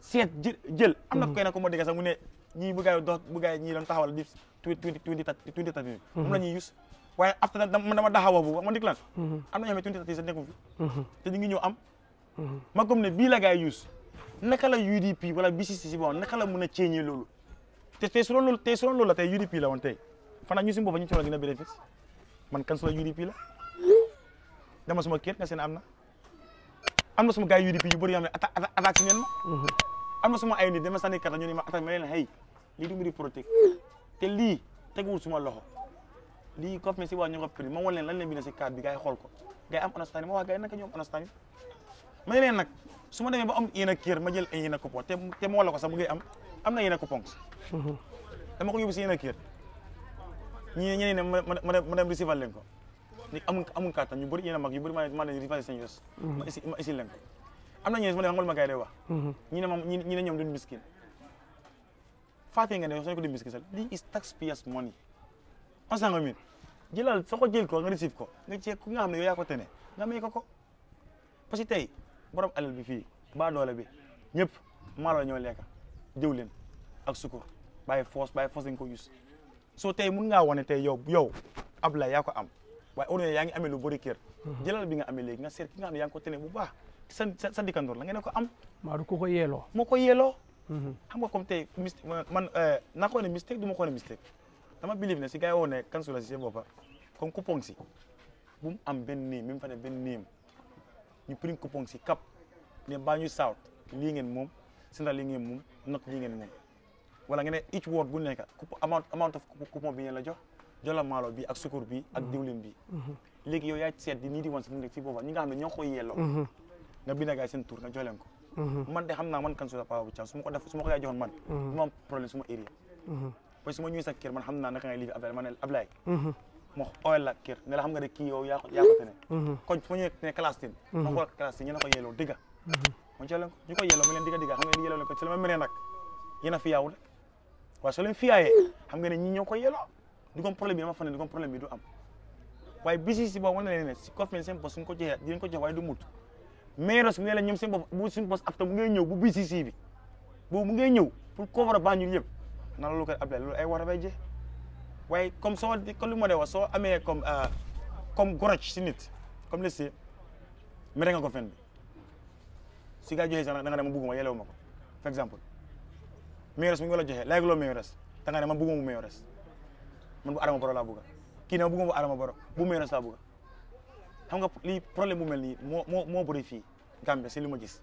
seet jël am na koy na ko moo dégg mu ne ñii bu gars yi dox bu gars yi ñii doon taxawal di twenty twenty twenty thirty mhm. moom la ñuy use waaye after that man dama daxa wax bu man dik lan mhm. na ñoo xam twenty thirty sax nekku fi ngi ñëw am ma comme bii la gars yi na naka la UDP wala BCC si boppam naka la mun a ceeñee loolu te tey su loolu tey su loolu la tey UDP la woon te fanaa ñu si boppam ñu ci war a man kan sula UDP la dama suma kete nga sen amna amna am na suma gars UDP yu bari yoo xam ne attaque attaque ngeen ma amna na suma ay nit dama sànni karta ñu ni ma attaque ma leen hey lii du mbiri protect te lii teguwul suma loxo li ko mi ci wa ñu ko pri ma wan leen lan leen na ci carte bi gay xol ko gay am understand ma wa gay nak ñu ñoom understand ma leen nak suma ma ba am yena a kër ma jël ay yéen a coupon te te mo la ko sa bu gay am amna yena yéen a coupon dama ko yóbbu si yena a kër ñi ñeneen ne ma dem ma dem recevoir leen ko léegi amul amul kàttan ñu bëri yéen a mag yu bëri maa maa leen recevoir seen yos mhm. ma isi ma isi leen ko am na ñeneen su ma dem xamal ma kay day wax mhm. ñi ne moom ñi ne ñoom duñ miskin fàtte nga ne soo ko duñ miskin sax lii is taxpayers money on sanga min jëlal soo ko jël ko nga receive ko nga cee ku nga xam ne yow yaa ko tene nga may ko ko parce que tey borom alal bi fii baa doole bi ñëpp maalo ñoo lekka jëw leen ak sukur bàyyi force bàyyi force dañ ko use soo tey mun ngaa wane tey yow yow Abdoulaye yaa ko am waaye au lieu yaa ngi amee lu bëri kër. Mhm. jëlal bi nga amee léegi nga seet ki nga xam yaa ngi ko tene bu baax sa sa dikkandoor la nga ne ko am. maa du ko ko yeeloo. moo ko yeeloo. Mhm. xam nga comme tey man euh, naa ko ne mistake du ma ko ne mistake dama believe ne si gars yi woo ne Kansola si seen boppam comme coupon si bu mu am benn niim même fa ne benn niim ñu print coupon si cap ne baa ñu south lii ngeen moom central lii ngeen moom nord lii ngeen moom. wala nga ne each word bu nekk amount amount of coupon bi ñu la jox jola maalo bi ak sukur bi ak diwlin bi mm-hmm. léegi yow yaay seet di nii di wan si mu nekk si booba ñi nga xam ne ñoo koy yelloo mm-hmm. nga bind gaay mm-hmm. naa man kan suuda papa bu Cham su ma ko yaay joxoon man du ma problème su ma érie parce que su kër man xam naa naka ngay liggéey Ablaye man Ablaye ma ooyal la kër ne la xam nga de kii yaa ko yaa ne ko yelloo digga ma jox leen ko ñu ko leen ko si ma meree nag yéen a fi waaye soo leen fiyaayee xam nga ne ñi ko yeloo du ko problème bi dama fa ne du bi du am waaye bisi si boobu wane na leen si kof men bos suñ ko joxee dinañ ko jox waaye du mais ne ñoom seen bopp bu suñ bos afta bu ngay ñëw bu bisi si bu ngay ñëw pour couvre Banjul ñëpp na loolu koy Ablaye loolu ay war a bay jeex waaye comme soo li ma wax soo amee comme euh, comme goroj si nit comme lessee mere nga ko fen bi si gaa joxee sax da nga dem bugguma yelewu ma ko exemple mayoress mu ngi la joxe léegi loo mayoress da nga ne man bëgguma bu mayoress man bu Adama Baro laa bëgg kii ne bëgguma bu Adama Baro bu mayoress laa bëgg xam nga lii problème bu mel nii moo moo moo bëri fii Gambie si lu ma gis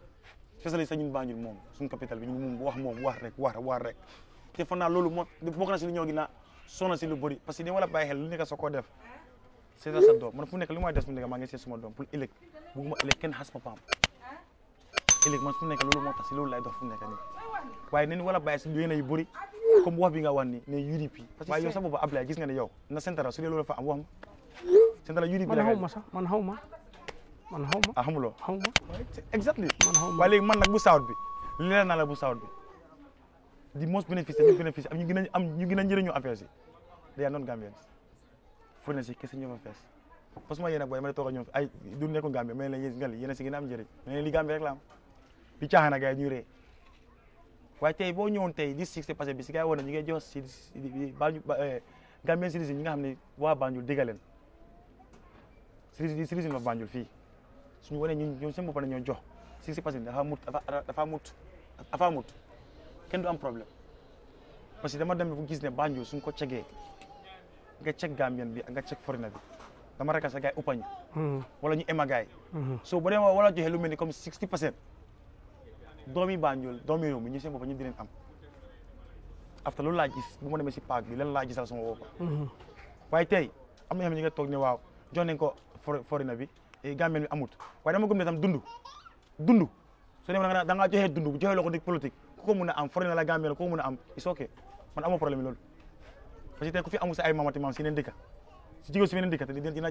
spécialiste ñun Banjul moom suñu capital bi ñun moom wax moom wax rek wax wax rek te fan naa loolu moo bokk na si lu ñoo gi naa sonna si lu bëri parce que ni wala bàyyi lu nekk soo koo def c'est ça sa doom nekk li may des mu nekk maa ngi seet suma doom pour ëllëg bëgguma ëllëg kenn xas ma nekk loolu moo si loolu lay dox fu nekk waaye nañu war a si yéen yu bëri comme wax bi nga wax ni ne UDP waaye yow sa bopp a gis nga ne yow na Sentara su dee loolu fa am wax ma Sentara UDP man xaw ma sax man xaw ma man xaw ma ah, exactly man xaw ma waaye bu sawat bi leer naa la bu sawat bi di most bénéfice ñu bénéfice am ñu gën a am a affaires yi day noon Gambiens fu ne si kese ñoo fa fees parce que ma yéen a ma toog a ay du nekku Gambie mais yéen a si gën a am njëriñ mais li Gambie rek la am di caaxaan a gars waaye tey boo ñëwoon tey district c'est passé bi si gars yi woon na ñu ngi jox si Banjul eh, Gambien citizen ñi nga xam ne waa Banjul diggaleen citizen fii Banjul fii suñu wane ñun ñoom seen bopp nañoo jox si si passé dafa mut dafa mut dafa mut kenn du am problème parce que dama dem bu gis ne Banjul suñ ko cegee nga ceg Gambien bi nga ceg foreigner bi dama ragal sa gars yi uppañu mm-hmm. wala ñu ema gars yi mm-hmm. so bu dee wala joxe lu mel ni comme sixty percent doomi Banjul doomi réew mi ñu seen bopp ñu di leen am after loolu laa bu ma demee si paak bi lan laa gisal sama bopp waaye tey am na ñoo xam ne toog ne waaw jox nañ ko forina bi eh, gambien bi amut waaye dama gëm ne tam dund dund su da ngaa joxee dund bu joxee loo ko nit politique a am forina la gambien la ku ko mun a am it's ok man amoo problème loolu parce que tey ku fi amul sa ay mamati maam si neen dëkka si jigéen si beneen dëkka te dina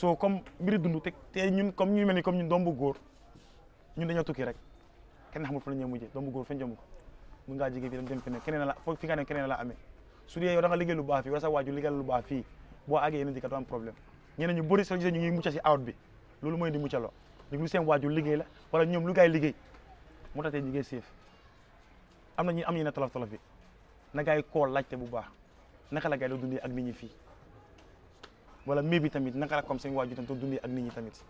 soo comme mbiri dundu te te ñun comme ñu mel ni comme ñun doom bu góor ñun dañoo tukki rek kenn xamul fa la ñuy mujjee doom bu góor fen jëm ko mun ngaa jigéen bi dem dem keneen la fi nga ne keneen la amee su dee yow da nga liggéey lu baax fii wala sa waaju liggéey lu baax fii boo àggee yeneen dikka doo am problème ñu bëri ñu ngi mucca si awat loolu mooy di muccaloo ñu seen waaju liggéey la wala ñoom lu gaay liggéey moo tax tey jigéen séef am na ñu am ñeneen tolof tolof bi na gaay koo laajte bu baax naka la gaay la dundee ak nit ñi fii wala mais bi tamit naka la comme seen waajur tamit dundee ak nit ñi tamit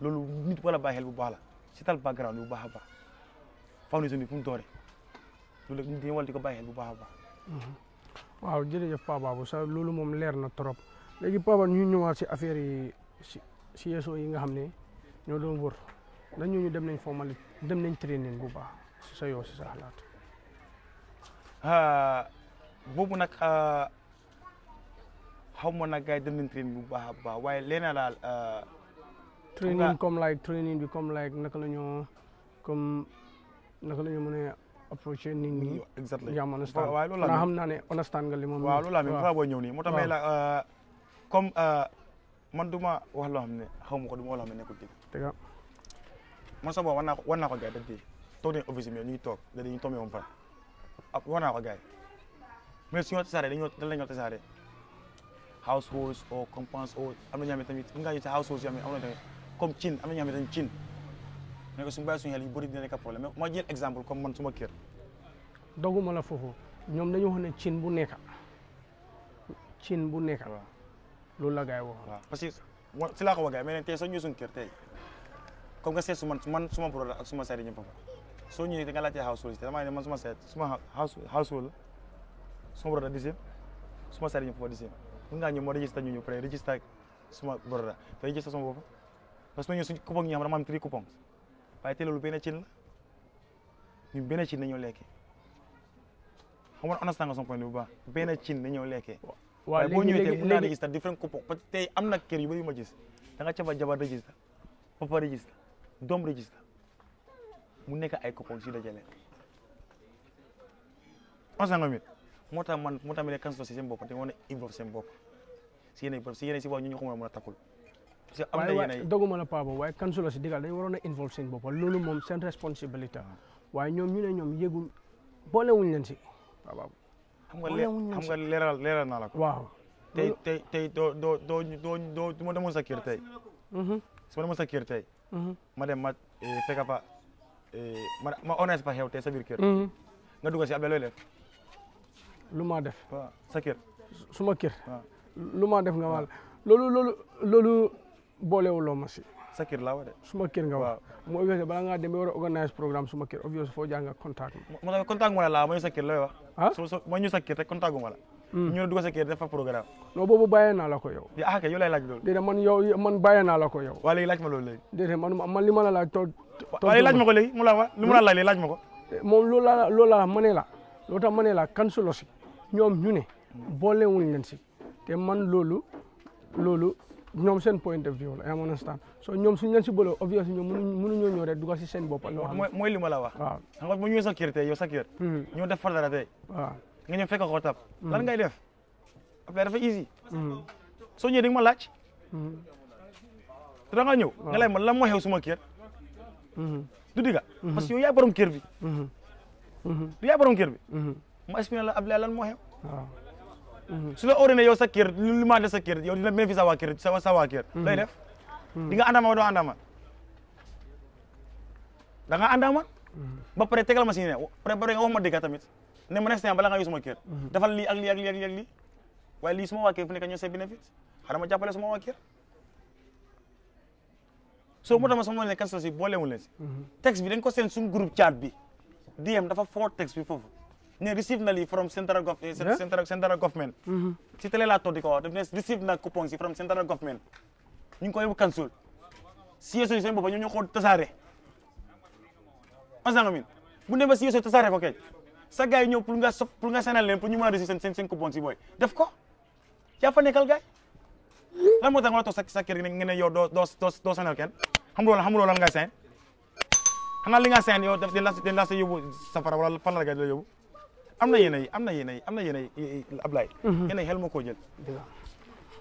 loolu nit wala bàyyi xel bu baax la si tal background bu baax a baax foundation bi fu mu dooree loolu nit ñi wala di ko bàyyi xel bu baax a baax. Mm-hmm. waaw jërëjëf Paa Babou sa loolu moom leer na trop léegi Paa Babou ñu ñëwaat si affaire yi si CSO yi nga xam ne ñoo doon wër ndax ñooñu dem nañ formal dem nañ training bu baax si sa yoo si sa xalaat. Ah, boobu nag. Ah, xaw ma nag gars yi dem nañ training bu baax a baax waaye leena daal. Euh, comme like training bi comme like naka la ñu comme naka la ñu mën a approché nit ñi. exactement yaa ma understand waaw loolu laa naa ne understand nga li ma. waaw loolu laa mi fa boo ñëw nii moo tax may la euh, comme euh, man du ma wax loo xam ne xaw ma ko du ma wax loo xam ne nekkul dëgg. dëgg la man sax boobu war naa ko war naa ko toog nañ office bi ñu ngi toog dañuy tombé woon fan war naa ko gars yi mais suñu tasaare dañoo dañ la ñu tasaare households or compounds or am na ñoo xam ne tamit mën ngaa gisee households yoo xam ne am na tamit comme cin am na ñoo xam ne tamit cin ne ko suñu bàyyi suñu xel yu bëri dina nekk problème ma jël exemple comme man suma kër. doguma la foofu ñoom dañu wax ne cin bu nekk cin bu nekk. waaw loolu la gars yi wax. waaw parce que si laa ko wax gars yi mais nag tey soo ñëwee suñu kër tey comme nga seet su man man suma brother ak suma seet ñëpp fa soo ñëwee da nga laajtee household te damaa ne man suma seet suma household suma brother dixième suma seet ñëpp fa dixième mën ngaa ñëw ma registré ñu ñu pare registré suma broda te registré suma bopp parce que ñun suñu coupon ñu xam dama am tri coupon waaye te loolu benn cin la ñun benn cin nañoo lekkee xam nga understand nga son point baax benn cin nañoo lekkee waaye boo ñëwee tey mën naa registré différent coupon parce am na kër yu ba yu ma gis da nga caba jabar registré papa registré doom registré mu nekk ay coupon si dajale understand nga mit moo tax man moo ta mi ne Kanzu Ndóo si seen bopp te war na involve seen bopp si yéen si yéen si waaw ñu ñu xamul mën a takkul parce que am na yéen la Paa waaye Kanzu si digal dañ waroon a involve seen bopp loolu moom seen responsabilité ah. waaye ñoom ñu ne ñoom yëgul boolewuñ leen si ah, waaw xam nga xam nga leeral la ko waaw tey tey tey doo doo doo doo doo su ma sa kër tey mm-hmm. su ma demoon sa kër mm-hmm. ma dem ma eh, fekk eh, ma ma honnête fa xew tey sa biir kër mm-hmm. nga dugg si abe looy lu maa def. sa kër. su ma kër. lu maa def nga waal loolu loolu loolu boolewuloo ma si. sa kër laa wa de. su ma kër nga waaw mooy obviously balaa ngaa dem ba war a organise programme su ma kër obviously foo jàng contact ma. moo tax contact ma la mooy sa kër looy wax. ah su ma ñu sa kër rek contact ma la. Hmm. ñu ne du ko sa kër dafa programme. non boobu bàyyee naa la ko yow. ah kay yow lay laaj loolu. déedéet man yow man bàyyee naa la ko yow. waa léegi laaj ma loolu léegi. déedéet man man li ma la laaj too. too waa léegi laaj ma ko léegi mu la wa li mu la laaj léegi laaj ma ko. Eh, moom loolu laa loolu laa ma ne la loo tax ma ne la kan su lo si ñoom ñu ne boolewuñ leen si te man loolu loolu ñoom seen point de view la yaa mon instant so ñoom suñ leen si boole obviously ñoom mënu mënuñoo ñëw rek dugal si seen bopp mooy li ma la wax waaw xam nga bu sa kër tey yow sa kër hmm. ñëw def fardara tey waaw nga ñëw fekk ko tab hmm. ngay def affaire dafa hmm. soo ñëwee di ma laaj te nga ñëw nga lay ma lan moo xew suma kër du digga parce yaay borom kër bi du yaay borom kër bi mu expliqué la Abdoulaye lan moo xew. Mmh. su la ordonné yow sa kër lu ma de sa kër yow dina bénéfice sa waa kër sa waa kër. Mmh. looy def. Mmh. di nga àndama doo àndama. da nga àndama. ba pare tegal ma si ne pare pare nga wax ma dëgg tamit ne ma next time bala nga yu suma kër. defal lii ak lii ak lii ak lii ak lii waaye lii suma waa kër fu nekk ñoo see bénéfice xaaral ma jàppale suma waa kër. so moo tax ma sama ne kan si boolewul leen si. texte bi dañ ko seen suñ groupe chat bi DM dafa fort texte bi foofu. ne receive na lii from central gov eh, government mm-hmm. si télé laa toog ko ne receive na coupon from central government ñu ngi ko yóbbu kansul si yeeso yi seen bopp ñoom ñoo ko tasaare on s'en bu ne si yeeso yi tasaare ko kay sa gars yi ñëw nga pour nga seenal leen pour ñu mën a seen seen coupon si booy def ko yaa fa nekkal gars lan moo tax nga toog sa sa kër nga ne yow doo doo doo seenal kenn xamuloo xamuloo lan nga seen xanaa li nga seen yow daf den la den la safara wala fan la am na yéen yi am na yéen ay am na yéen ay Ablaye. Mhm. yéen ay xel moo koo jël.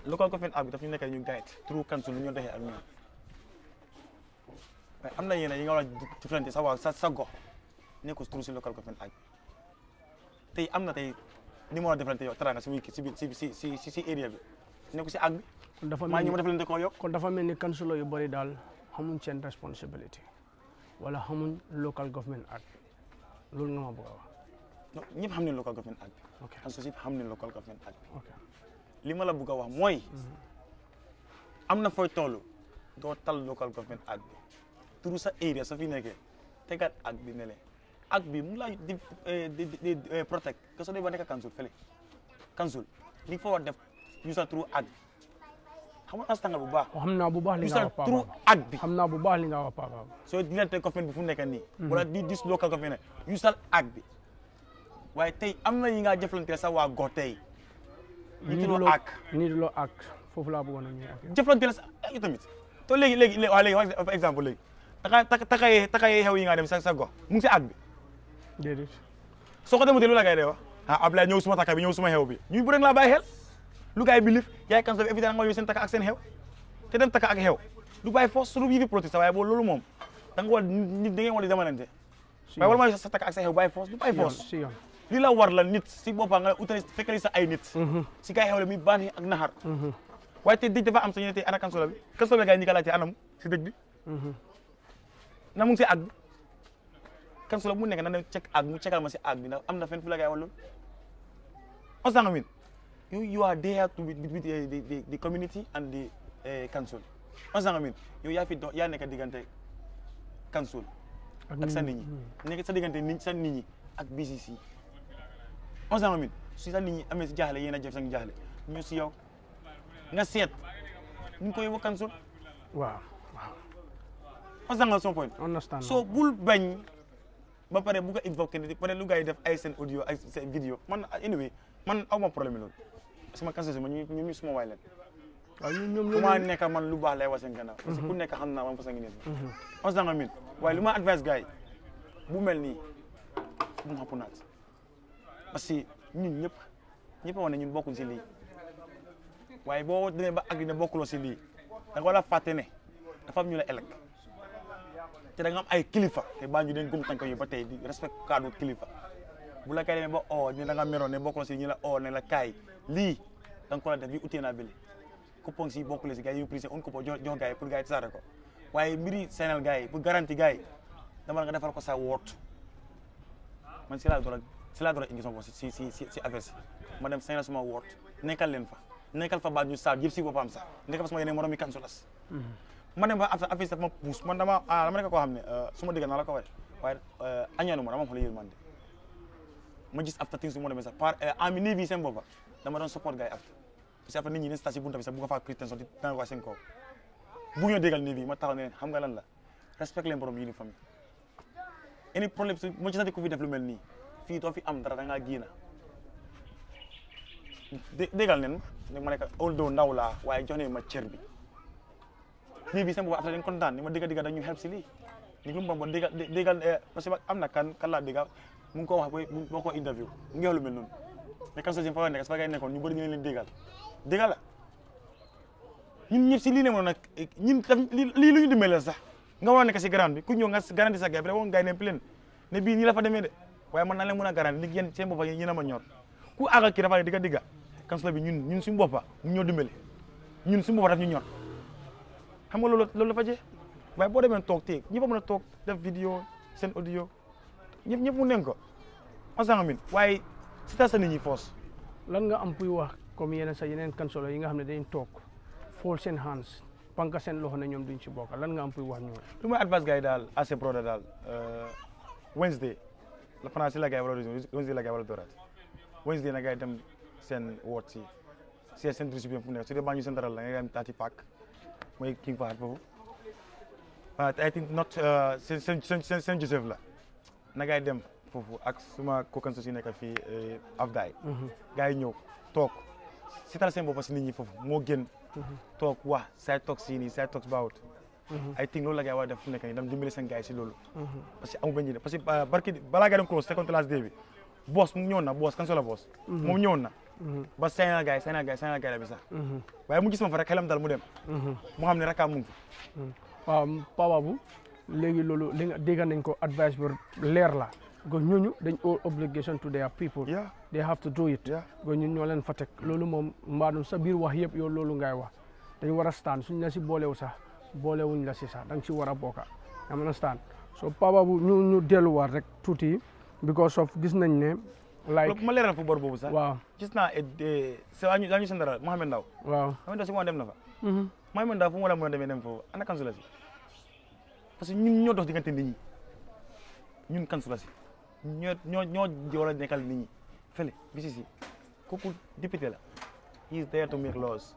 local government act bi daf ñu nekk ñu guide through am na yéen yi nga war a jëflante sa sa sa nekku nekkul through si local government act tey am na tey ni ma war a jëflante yow teraanga si si si si si si area bi nekkul si act dafa mel ni maa ngi jëflante koo yokk. kon dafa mel ni councilor yu bëri daal xamuñ seen responsibility wala xamuñ local government act loolu nga ma bëgg non ñëpp xam nañ local government act bi. ok associé xam nañ local government li ma la bëgg a wax mooy. Mhm. am na fooy toll doo tal local government act bi turu sa area sa fi nekkee tegaat act bi ne bi mu laa eh, di di di eh, protect que soo dee ba nekk council fële council li nga fa war def user turu act bi xam nga astangal bu ba xam na bu baax li nga wax Paa turu act bi xam na bu baax li nga wax Paa soo diggante government bi fu mu nekk nii. Mhm. wala di dis local government usal act bi. waaye tey am na yi ngaa jëflante sax waa gox tey. niiduloo ak niiduloo ak foofu laa bëggoon a ñëw ak. jëflante la sax yow te léegi léegi waa léegi par exemple léegi taxa taxa taxay xew yi nga dem sax sa gox mu ngi si ak bi. déedéet. soo ko demutee lu la kay dee wax ah Ablaye ñëw suma taka bi ñëw suma xew bi ñuy bu rek laa bàyyi xel lu gaay bi lif yaay kan sa bi évidemment nga taka ak seen du bàyyi force su yi di protesté waaye boobu loolu moom da nga war nit da ngeen war di demalante waaye wala ma sa taka ak sa xew bàyyi force du bàyyi force lila war la nit si bopa nga utali fekkali sa ay nit mhm. si kay xewle mi bani ak nahar mhm. way te dëj dafa am sa ne tey ana bi kansula solo gars ni anam si dëj bi mhm. na mu ngi si ag, kansula bu mu nekk na ne ag mu cekal ma si ag. bi ndax na fenn fu la gars yi osanga min you you are there to with, with, the, the, the, community and the uh, council osanga min yow ya fi do ya nekk digante council ak sa nit ñi nekk sa digante nit sa nit ñi ak BCC onze ans mille su sax nit ñi amee si jaaxle yéen a jëf seen jaaxle ñu si yow nga seet ñu koy wakkan sul waaw waaw understand nga son so bul bañ ba pare bu ko invoqué nit pare lu gars def ay seen audio ay seen man anyway man aw ma problème loolu sama kanso si ma ñu ñu suma waay leen ma nekk man lu baax lay wax seen gannaaw ku nekk xam naa man fa sa ngi nit understand mhm. nga mil waaye ma advice gars bu mel nii parce que ñun ñëpp ñëpp a wax ñun bokkuñ si lii waaye boo demee ba àgg ne bokkuloo si lii da nga war ne dafa am ñu la éleg te da am ay kilifa te baa den gum tànk ba tey di respect kaddu bu la kay demee ba oo ñu meroon ne bokkuloo si ñu la oo ne la kaay lii da nga ko la def ko waaye mbiri seenal gars yi pour garantie gars ko sa woot man si laa door si laa door a indi sama bopp si si si ma dem sañ sama woot nekkal leen fa nekkal fa baat ñu saal yëpp si boppam sax nekkal fa sama yeneen moroom yi kansulas mhm. ma dem ba affaire si daf ma puus man dama ah dama nekk ne euh, su ma dégg naa la ko waxee waaye euh, añaanu ma dama xool yërmande ma gis after things euh, su yi after parce que after nit ñi ne si tasi ko faa christian ko seen kaw bu ñoo déggal ma taxaw ne leen xam nga lan la respect leen borom uniforme yi any problème ma ci lu mel nii fii fi am dara da nga gina degal nen ma ne ma nekk although ndaw la waye jox ma cër bi ni bi seen boobu après dañ kontaan ni ma diga diga dañu help ci li ni lu mu degal degal parce que amna kan kala diga mu ngi ko wax boo interview mu ngi wax lu mel non mais kan soo fa nek fa gars yi ñu bari ñu leen degal degal la ñun ñep ci li ne mo nak ñun daf lii lu ñu dimbale sax nga wone ka ci si bi ku ñu nga garantie sa gay bi da woon ne plein ne bi ni la fa demee de waye man naa leen mën a garanti ni yéen seen bopp yéen a ma ñor ku àgg ki dafa diga diga kan bi ñun ñun suñu boppa mu ñoo dimbali ñun suñu boppa daf ñu ñor xam nga lolu lolu fa jee waye bo demee tok tey ñi a mën tok def vidéo seen audio ñëpp ñëpp mu neen ko masanga min waye ci ta sa nit ñi fos lan nga am puy wax comme yene sa yeneen kan solo yi nga xamne dañ tok fol sen hands panka sen loxo ne ñom duñ ci bokk lan nga am puy wax ñu lu advice gars yi daal assez broda euh, Wednesday Fana si la gars yi war a Wednesday la gars yi war a dooraat Wednesday nag gars yi dem seen woot si fu nekk su la nga dem taati Park mooy King uh, la na gars yi dem foofu ak suma kookan su si nekk fii eh, Afdaay. Mm-hmm. gars yi ñëw toog seetal seen bopp si nit ñi foofu moo gën. Mm-hmm. toog wax say toog si nii say toog baawut. ay mm-hmm. ting loolu la gars yi a def fu nekk nii dam dimbali seen gars yi si loolu mm-hmm. euh, balaa mm-hmm. gars yi dem close second class day bi boos mu ñëwoon boos kan boos moom ñëwoon ba saynal gars yi saynal gars yi saynal gars yi bi sax waaye mu loolu li nga ko advice bu leer la because ñooñu dañ owe obligation to their people they have to do it because ñun fa teg loolu moom mbaadum sa biir wax yow loolu ngay wax dañ war a staan suñ la si boolew sax boolewuñ la si sax da nga ci war a bokka am understand so papa bu ñu ñu delluwaat rek tuuti because of gis nañ ne. like ma leeral fa bor boobu sax. waaw gis naa eh, sa ñu daañu seen dara Mohamed ndaw waaw Mohamed si ma dem na fa. Mm-hmm. Mohamed Ndao fu mu war a mën demee dem foofu ana kansu si parce que ñun ñoo dox diggante nit ñi ñun kansu si ñoo ñoo ñoo a nekkal ni ñi fële bi si si kooku député la he is there to make laws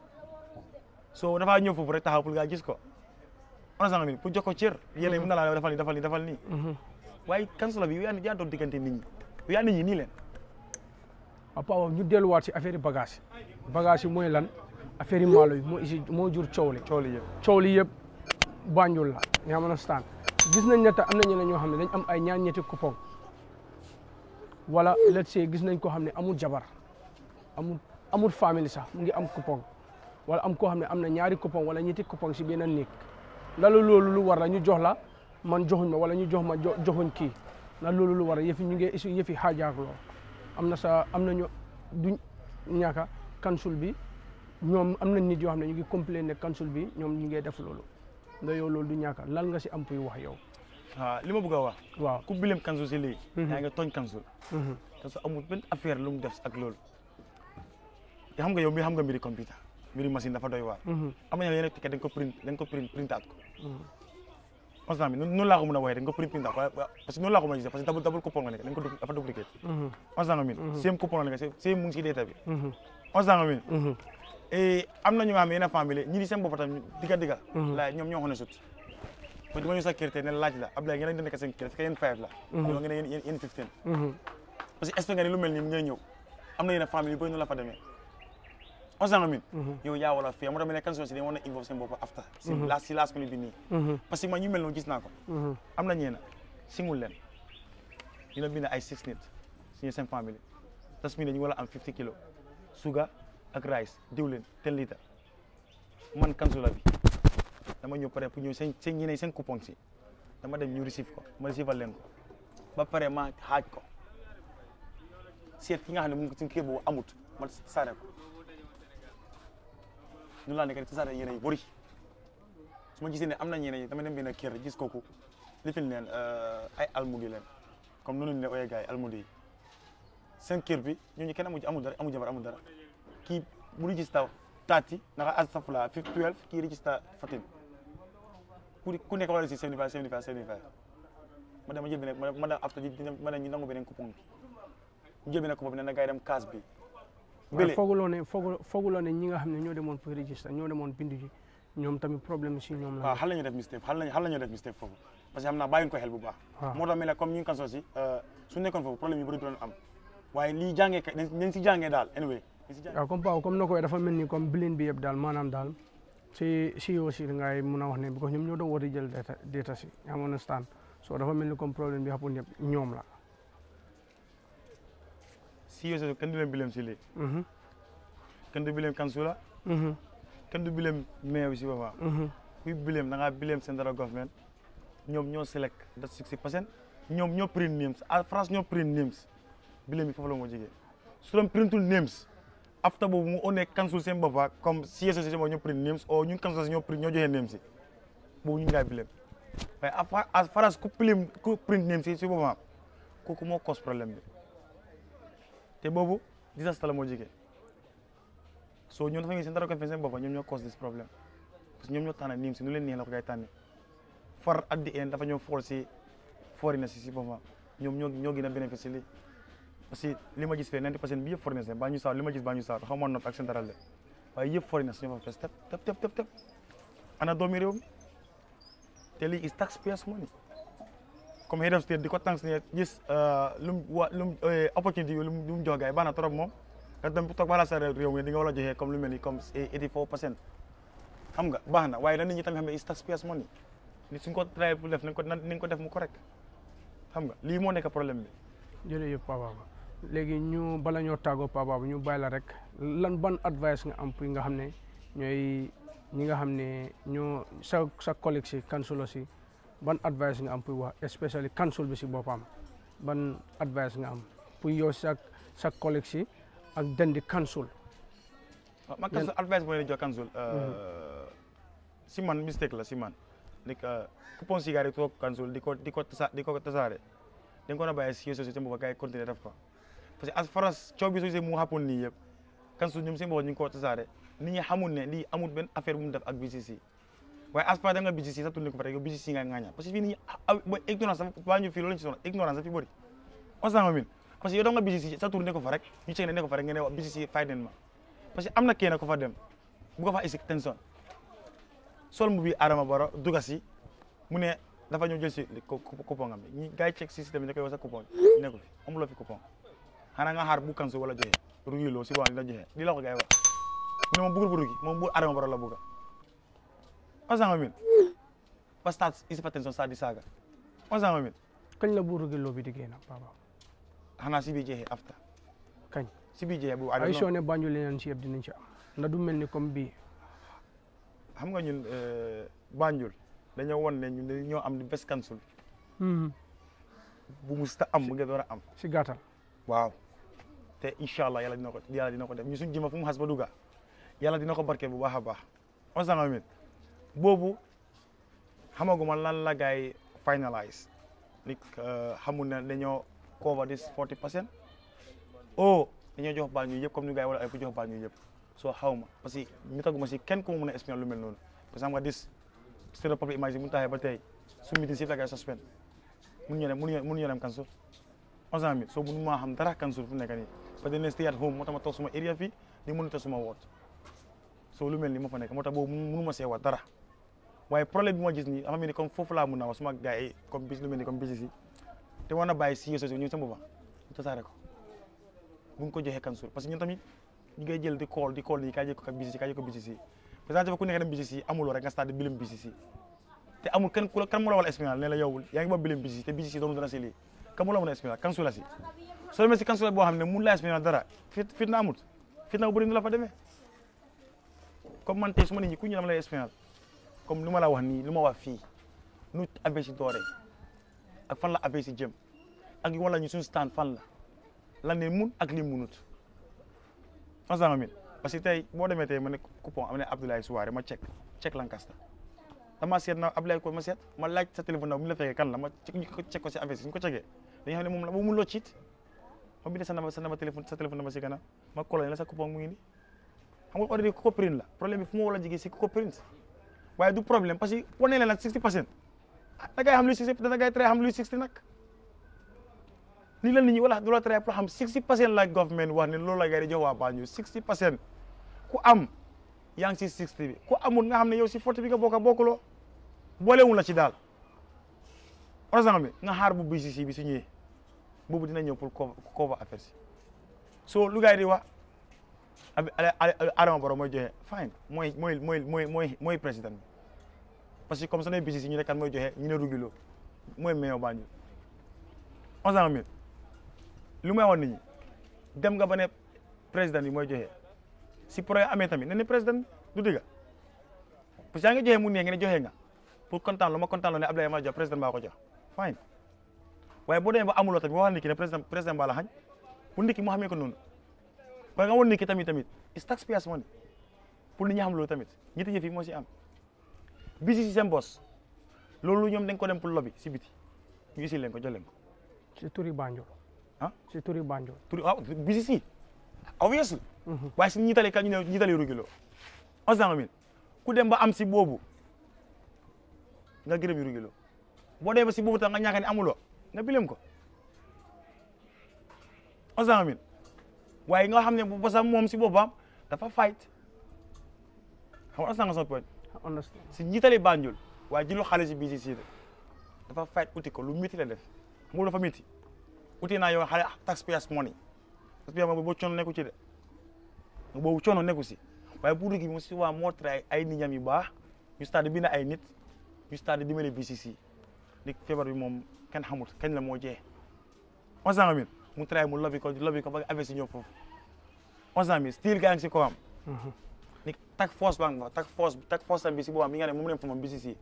so dafa ñëw foofu rek taxaw pour nga gis ko. honnêtement nga ni pour jox ko cër yéen mhm. mën na laa defal nii defal nii defal nii mhm. waaye kansula bi yow yaa yaa doon diggante nit ñi yow yaa nit ñi nii leen ah, waaw ñu delluwaat si affaire yi bagage bagage yi mooy lan affaire yi maalo yi moo isi moo jur coow li coow li yëpp coow li yëpp Banjul la yaa mën a staan gis nañ ne te am na ñeneen ñoo xam ne dañ am ay ñaar ñetti coupon wala let's say gis nañ koo xam ne amul jabar amul amul famille sax mu ngi am coupon wala am koo xam ne am na ñaari coupon wala ñetti coupon si benn néeg na la loolu lu war la ñu jox la man joxuñ ma wala ñu jox ma joxuñ kii na loolu lu war la yëfi ñu ngi su yëfi xaajaakloo am na sa am nañu du ñaaka kansul bi ñoom am nañ nit yoo xam ne ñu ngi complain ne kansul bi ñoom ñu ngi def loolu nga yow loolu du ñaaka lan nga si am puy wax yow waaw ah, li ma bëgg a wax waaw ku bileem kansul si lii mhm. yaa nga tooñ kansul te mhm. su amul benn affaire lu mu def ak loolu xam nga yow mi xam nga mbiri computer mbiru machine dafa doy waar. Mhm. am na yeneen ticket dañ ko print dañ ko print printaat ko. Mhm. constat bi noonu laa ko mën a waxee dañ ko print printaat ko parce que noonu laa ko mën a gisee parce que double double coupon nga nekk dañ ko dafa dupliqué. Mhm. constat nga mil. same coupon la nekk same mu ngi si data bi. constat nga mil. et am na ñu nga xam ne yenn famille ñi di seen bopp tam digga digga. laay ñoom ñoo xone sut. parce que dama ñu sa kër te ne laaj la Abdoulaye ngeen di nekk seen kër fekk yéen five la. ñoo ngi ne yéen yéen fifteen. parce que expect nga ne lu mel nii mu ngay ñëw am na yenn famille yu bëri noonu la fa demee on s'en remet mhm. yow yaa war a fee moo tax si dañ war a involve seen bopp after si mhm. la si bi nii mhm. parce que man ñu mel noonu gis naa ko am na ñeena singul leen ñu la bind ay six nit suñu seen famille tas mi ne ñu war a am fifty kilos suga ak rice diwlin ten litre man kansu la bi dama ñëw pare pour ñëw seen seen ñeneen seen coupon si dama dem ñu receive ko ma receive leen ko ba pare ma xaaj ko seet ki nga xam ne mu ngi ci kër boobu amut ñu laa nekk di tasaare yére yu bëri su ma gisee ne am na ñeneen ñi dama dem benn kër gis kooku li fi leen euh, ay almudi leen comme noonu ñu ne ooyee gars yi almudi seen kër bi ñooñu kenn amu amul amu jabar amul dara kii bu registré taati naka astafurlah fi 12 kii registré Fatim ku ku nekk wala si 75 75 75 ma dem ma jël beneen ma dem après ma dem ñu nangu beneen coupon bi ñu jël beneen coupon bi ne na gars dem kaas bi. bële fooguloo ne fooguloo ne ñi nga xam ne ñoo demoon pour register ñoo demoon bindu ji ñoom tamit problème si ñoom la. waaw xal la ñu def mistake xal la xal la ñu def foofu parce que xam naa bàyyi ko xel bu baax. moo tax mel ne comme euh, ko dafa mel ni comme bilin bi yëpp daal maanaam daal si si ngay mun a wax because ñoom ñoo doon woote jël data si amoon na stand so dafa mel ni comme problème bi xapoon yëpp ñoom la siyoso kandilen sile kandi bilem kansula kandi bilem meew si baba kuy bilem da ngaa bilem central government ñoom ñoo select da sixty percent ñoom ñoo print names à ah, France ñoo print names bilem yi foofu la moo jege su doon printul names after boobu mu one kansul seen boppa comme siyoso si boobu ñoo print names o ñun kansul ñoo print ñoo joxe names yi boobu ñu ngaa bilem waaye à France ku print names yi si boppa kooku moo cause problème bi te boobu désastre la moo jigee so ñoom dafa ngi seen dara ko fi seen bopp ñoom ñoo cause this problème parce que ñoom ñoo tànn niim si nu leen neexee la ko gay tànni far ak di een dafa ñoo fool si foreigners si si boppam ñoom ñoo ñoo gën a bénéficier li parce que li ma gis fee ninety percent bi yëpp foreigners la baa ñu saar li ma gis baa ñu saar xaw ma nopp ak seen dara la waaye yëpp foreigners ñoo fa fees tep tep tep tep ana doomi réew mi te lii is taxpayers money comme head of state di ko tank ni gis lum lum opportunity lum lum bana torop mom da dem tok bala sa rew mi di nga wala joxe comme lu melni comme 84% xam nga baxna waye da nit ñi tam xamé is money ni suñ ko try pour def nañ ko nañ ko def mu correct xam nga li mo nek problème bi papa ba legi ñu bala ñoo tago papa ba ñu bayla rek lan ban advice nga am pour nga xamné ñoy ñi nga xamné ñoo sa sa ban advice nga am pour wax especially council bi ci bopam ban advice nga am pour yo sa sa collègue ak dendi council ah, ma council advice moy la jox council euh, mm-hmm. si man mistake la si man like euh, coupon cigare to council di diko tassa diko tassare dang ko na baye ci société mo bakay continuer def ko parce que as faras ciow bi société mo happen ni yeb council ñum seen bopp ñu ko tassare nit ñi xamul ne li amul ben affaire bu mu def ak BCC Wai aspa dem biji sisa tunde kufare yo biji singa nganya. Pasi ini, a ignorance a fukwa nyu filo nchi sona ignorance a fibori. Osa nga orang Pasi yo dem nga bisi sisa tunde kufare yo chengene kufare ngene wa bisi sisa fai ma. Pasi amna kena kufare dem. Buka fa isik tenson. Sol mubi arama baro duga si mune dafa nyu jesi li kupo ngami. Ni gai chek sisi dem nyu kai wasa kupo nyu Om lo fi kupo. Hana nga har bukan so wala jehe. Ruyu lo si wala jehe. Dila kwa gai wa. mau mo bukur buruki. Mo arah arama baro la buka. What does that mean? What's that? Is it potential sadi saga? What does that mean? Kan la buru gelo bi dige Hana si bi jehe after. Kan. Si bi jehe bu adu. Ay shone banjul len ci yeb dinañ ci am. Nda du melni comme bi. Xam nga ñun euh banjul dañu won ne ñun ñoo am di best council. Hmm. Bu musta am nga doora am. Si gatal. Wow. Te inshallah yalla dina ko yalla dina ko def ñu suñu jima fu mu xas ba duga. Yalla dina ko barke bu baaxa baax. What does that bobu xamaguma lan la gay finalize ni euh, xamul na dañoo cover this 40 oh dañoo jox bal ñu yëpp comme ñu gay wala ay ku jox bal ñu yëpp so xawma parce que ñu taguma si kenn ko mëna espion lu mel non parce que xam nga this c'est le public image mu taxé ba tay su meeting ci la gay suspend mu ñu mu ñu cancel so mun ma xam dara cancel fu nekk ni ba que stay at home motama tok ma area fi di mënu ta suma wot so lu mel ni moo fa nekk bo mënu ma sé dara waaye problème bi mo gis ni dafa mi ni comme foofu laa mun a wax suma gars yi comme bis lu mel ni comme business yi te war na bàyyi e si réseaux ñun sama bopp ñu tasaare ko ko joxee kan suul parce que ñun tamit ñu ngay jël di call, di kool nii kaa jël ko ak business yi kaa jël ko business yi président dafa ku nekk dem business yi amuloo rek nga stade bilim business yi te amul kan kan mu la wala expérience ne la yow yaa ngi ba bilim business yi te business yi doonu dana sili kan mu la wala a expérience kan la si so demee si kan suula bo xam ne la laa dara fit fit na amut fit na bu bëri la fa demee comme man tey suma nit ñi ku ñu dama lay comme lu ma la wax nii lu ma wax fii nu si dooree ak fan la ABC jëm ak wala ñu suñu stand fan la la ne mun ak li munut ansama mit parce que tey boo demee tey ma ne coupon am ne Abdoulaye Souare ma check check Lancaster dama seet na ma sa téléphone na la fekkee kan la ma ñu ko check ko si ABC ne moom la boo mun loo ciit ma bind sa na sa nama téléphone sa téléphone na ma si gannaaw ma la sa coupon mu ngi ni xam print la problème bi fu ma war jigee si ko print waaye du problème parce que wane la nag sixty percent ah, da ngay xam luy sixty da ngay traité xam luy sixty nag ni la ni ñi wala du la traité pour xam sixty percent la government wax ne loolu la ngay di jox waa Banjul sixty percent ku am yaa ngi si sixty bi ku amul nga xam ne yow si forty bi nga bokk a bokkuloo boolewul la si daal par exemple nga xaar bu BCC bi su ñëwee boobu dina ñëw pour cover affaire si so lu ngay di Adama Barrow mooy joxe fine mooy mooy mooy mooy mooy mooy président bi parce que comme su bisi si ñu ne kan mooy joxe ñu mooy meew Banjul onze ans mille lu may wax nit ñi dem nga ba ne président yi mooy joxe si projet amee tamit ne ne président du digga parce que yaa ngi joxe mu nee nga joxe nga pour kontaan lu ma kontaan loo ne Abdoulaye Wade jox président baa ko jox fine waaye boo demee ba amuloo tamit waxal nit ki ne président président baa la xañ pour nit mu xamee ko noonu parce que amoon ni ki tamit tamit is tax payers money pour li ñu xam loolu tamit ñetti yëf yi moo si am bisi si seen bos loolu ñoom dañ ko dem pour lobby si biti ñu isi leen ko jox ko. si turi Banjul. ah si turi Banjul. turi waaw ah, bisi si a obviously. Mhm. waaye si ñi tali ka ñu ne rugilo onze cent ku dem ba am si boobu nga gërëm yu boo dee ba si boobu tam nga ñàkk ne amuloo nga bileem ko onze cent waaye nga xam ne bu bosam moom si boppam dafa fight si njiitali Banjul waaye ji lu xale si bii si dafa fight wuti ko lu miti la def xam nga dafa métti uti naa yow xale ah, taxpayers money taxpayers money boo coono nekku ci de boobu coono nekku si waaye pour gi mu si waa moo tray ay nit yu baax ñu stade bi na ay nit ñu stade dimbale BCC li feebar bi moom kenn xamut kañ la moo jeex on mu try mu lobby ko lobby ko ba avesi ñëw foofu onze ans bi style gaa ngi si kawam mhm. ni tak force baa ngi fa tak force tak force am bi si boobaa bi nga ne moom leen fa moom bi ngi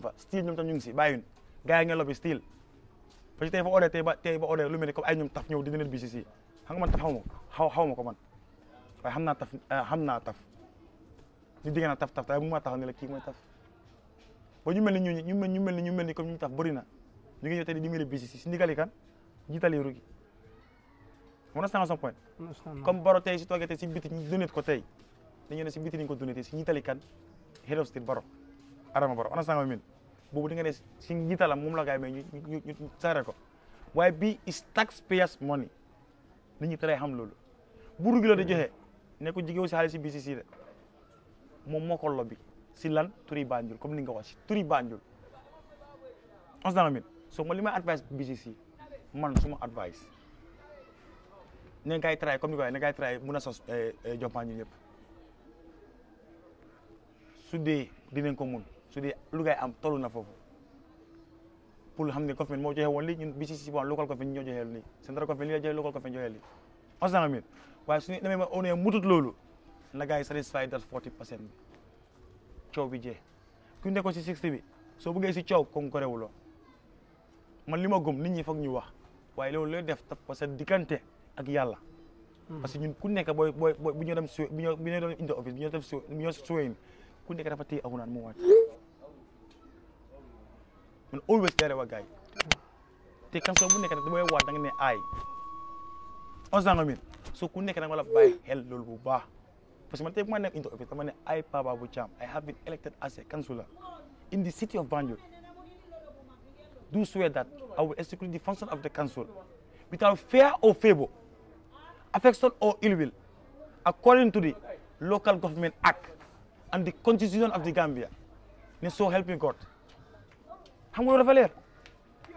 fa style ñoom tam yi nga lobby style tey fa odee tey lu mel ni comme ay ñoom taf ñëw di dineen bi si si xam nga taf xaw ma xaw xaw ma man waaye xam naa taf ah, xam naa taf ñu digg naa taf taf taf mu ma taxaw ne la kii mooy taf ba ñu mel ni ñu ñu mel ñu mel ni ñu mel ni comme ñu taf bëri na ñu ngi ñëw tey di dimbali bi si si ndigali kan jiitali rugi On understand son point Comme Baro tay si toogee si biti ñu dunet ko tay dañu ne si biti ñu ko dunete si ñitali kan head of state Baro Adama Baro on understand what I bobu di nga ne si ñitalam mom la gaay ya may ñu ñu sare ko waye bi is taxpayers money nit ñi tay ya xam lolu buru gi la di joxe ne ko jigéew si xaalis si BCC de mom moko lobby si lan turi banjul comme ni nga wax turi banjul on understand what I so mo lima advice BCC man suma advice na ngay travailler comme na ngay travailler mun a sos eh, eh, jompaan ñu ñëpp su dee dinañ ko mun su dee lu ngay am tollu na foofu pour xam ne government moo joxe woon lii ñun bi si si bon local government ñoo joxeel lii central government lii la joxe local government joxeel lii on s' en amee waaye su ñu demee ma on est mutut loolu na satisfy that bi coow bi jeex ku nekko si sixty bi soo buggee si coow kon ko réewuloo man li ma gëm nit ñi foog ñu wax waaye loolu lay def taf ko diggante ak yàlla. Hmm. parce que ñun ku nekk booy booy bu ñu dem su bu ñu bu ñu doon indi office bu ku nekk dafa téye alxuraan mu wàcc. man always tere wa gaay te kanso bu nekk da booy waat da nga ne aay. onze ans min so ku nekk da nga war a bàyyi loolu bu baax parce que man tey bu ma nekk indi office dama ne ay Papa Abou Cham I have been elected as a councillor in the city of Banjul. Do swear that I will execute the function of the council without fear or favour. affection or ill will, according to the Local Government Act and the Constitution of the Gambia, ni so helping God. Xam nga dafa leer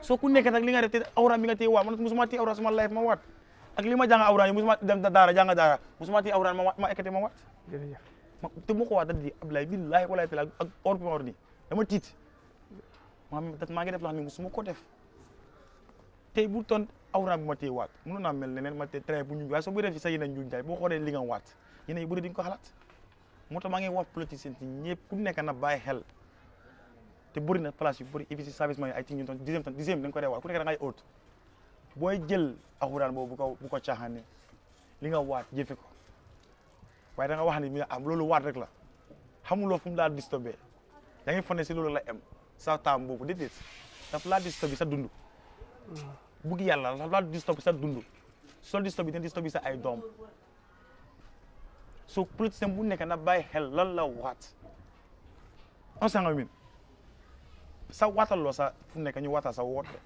so ku nekk nak li nga def te awra mi nga tey wa man musuma tey awra sama life ma wat ak li ma jàng awra musuma dem dara jang dara musuma tey awra ma ma ekete ma wat ma te mu ko waat di Abdoulaye billahi walaay taala ak or bi ma war nii dama tiit ngi def loo musuma ko def tey bu ton awra bi ma tey waat mënoon naa mel ne ma tey traité bu ñu soo bu def sa yeneen njuñ jaay boo xoolee li nga waat yeneen yu bëri di nga ko xalaat moo tax ngi wax politicien ci ñëpp ku nekk na bàyyi xel te na place yu bëri épici service yi ay ci ñun tam dixième tam dixième da nga ko dee waat ku nekk da ngay óot booy jël axuraan boobu bu ko bu ko caaxaane li nga waat jëfe ko waaye da nga wax ni mi ah, loolu waat rek la xamuloo fu mu laa da loolu la em sa laa disturbé sa dund mm. bugg yàlla la disturb sa dund sol disturb bi dina disturb sa ay doom so politicien bu nekk na bàyyi xel lan la waat on sanga min sa waatal loo sa fu nekk ñu waatal sa woot de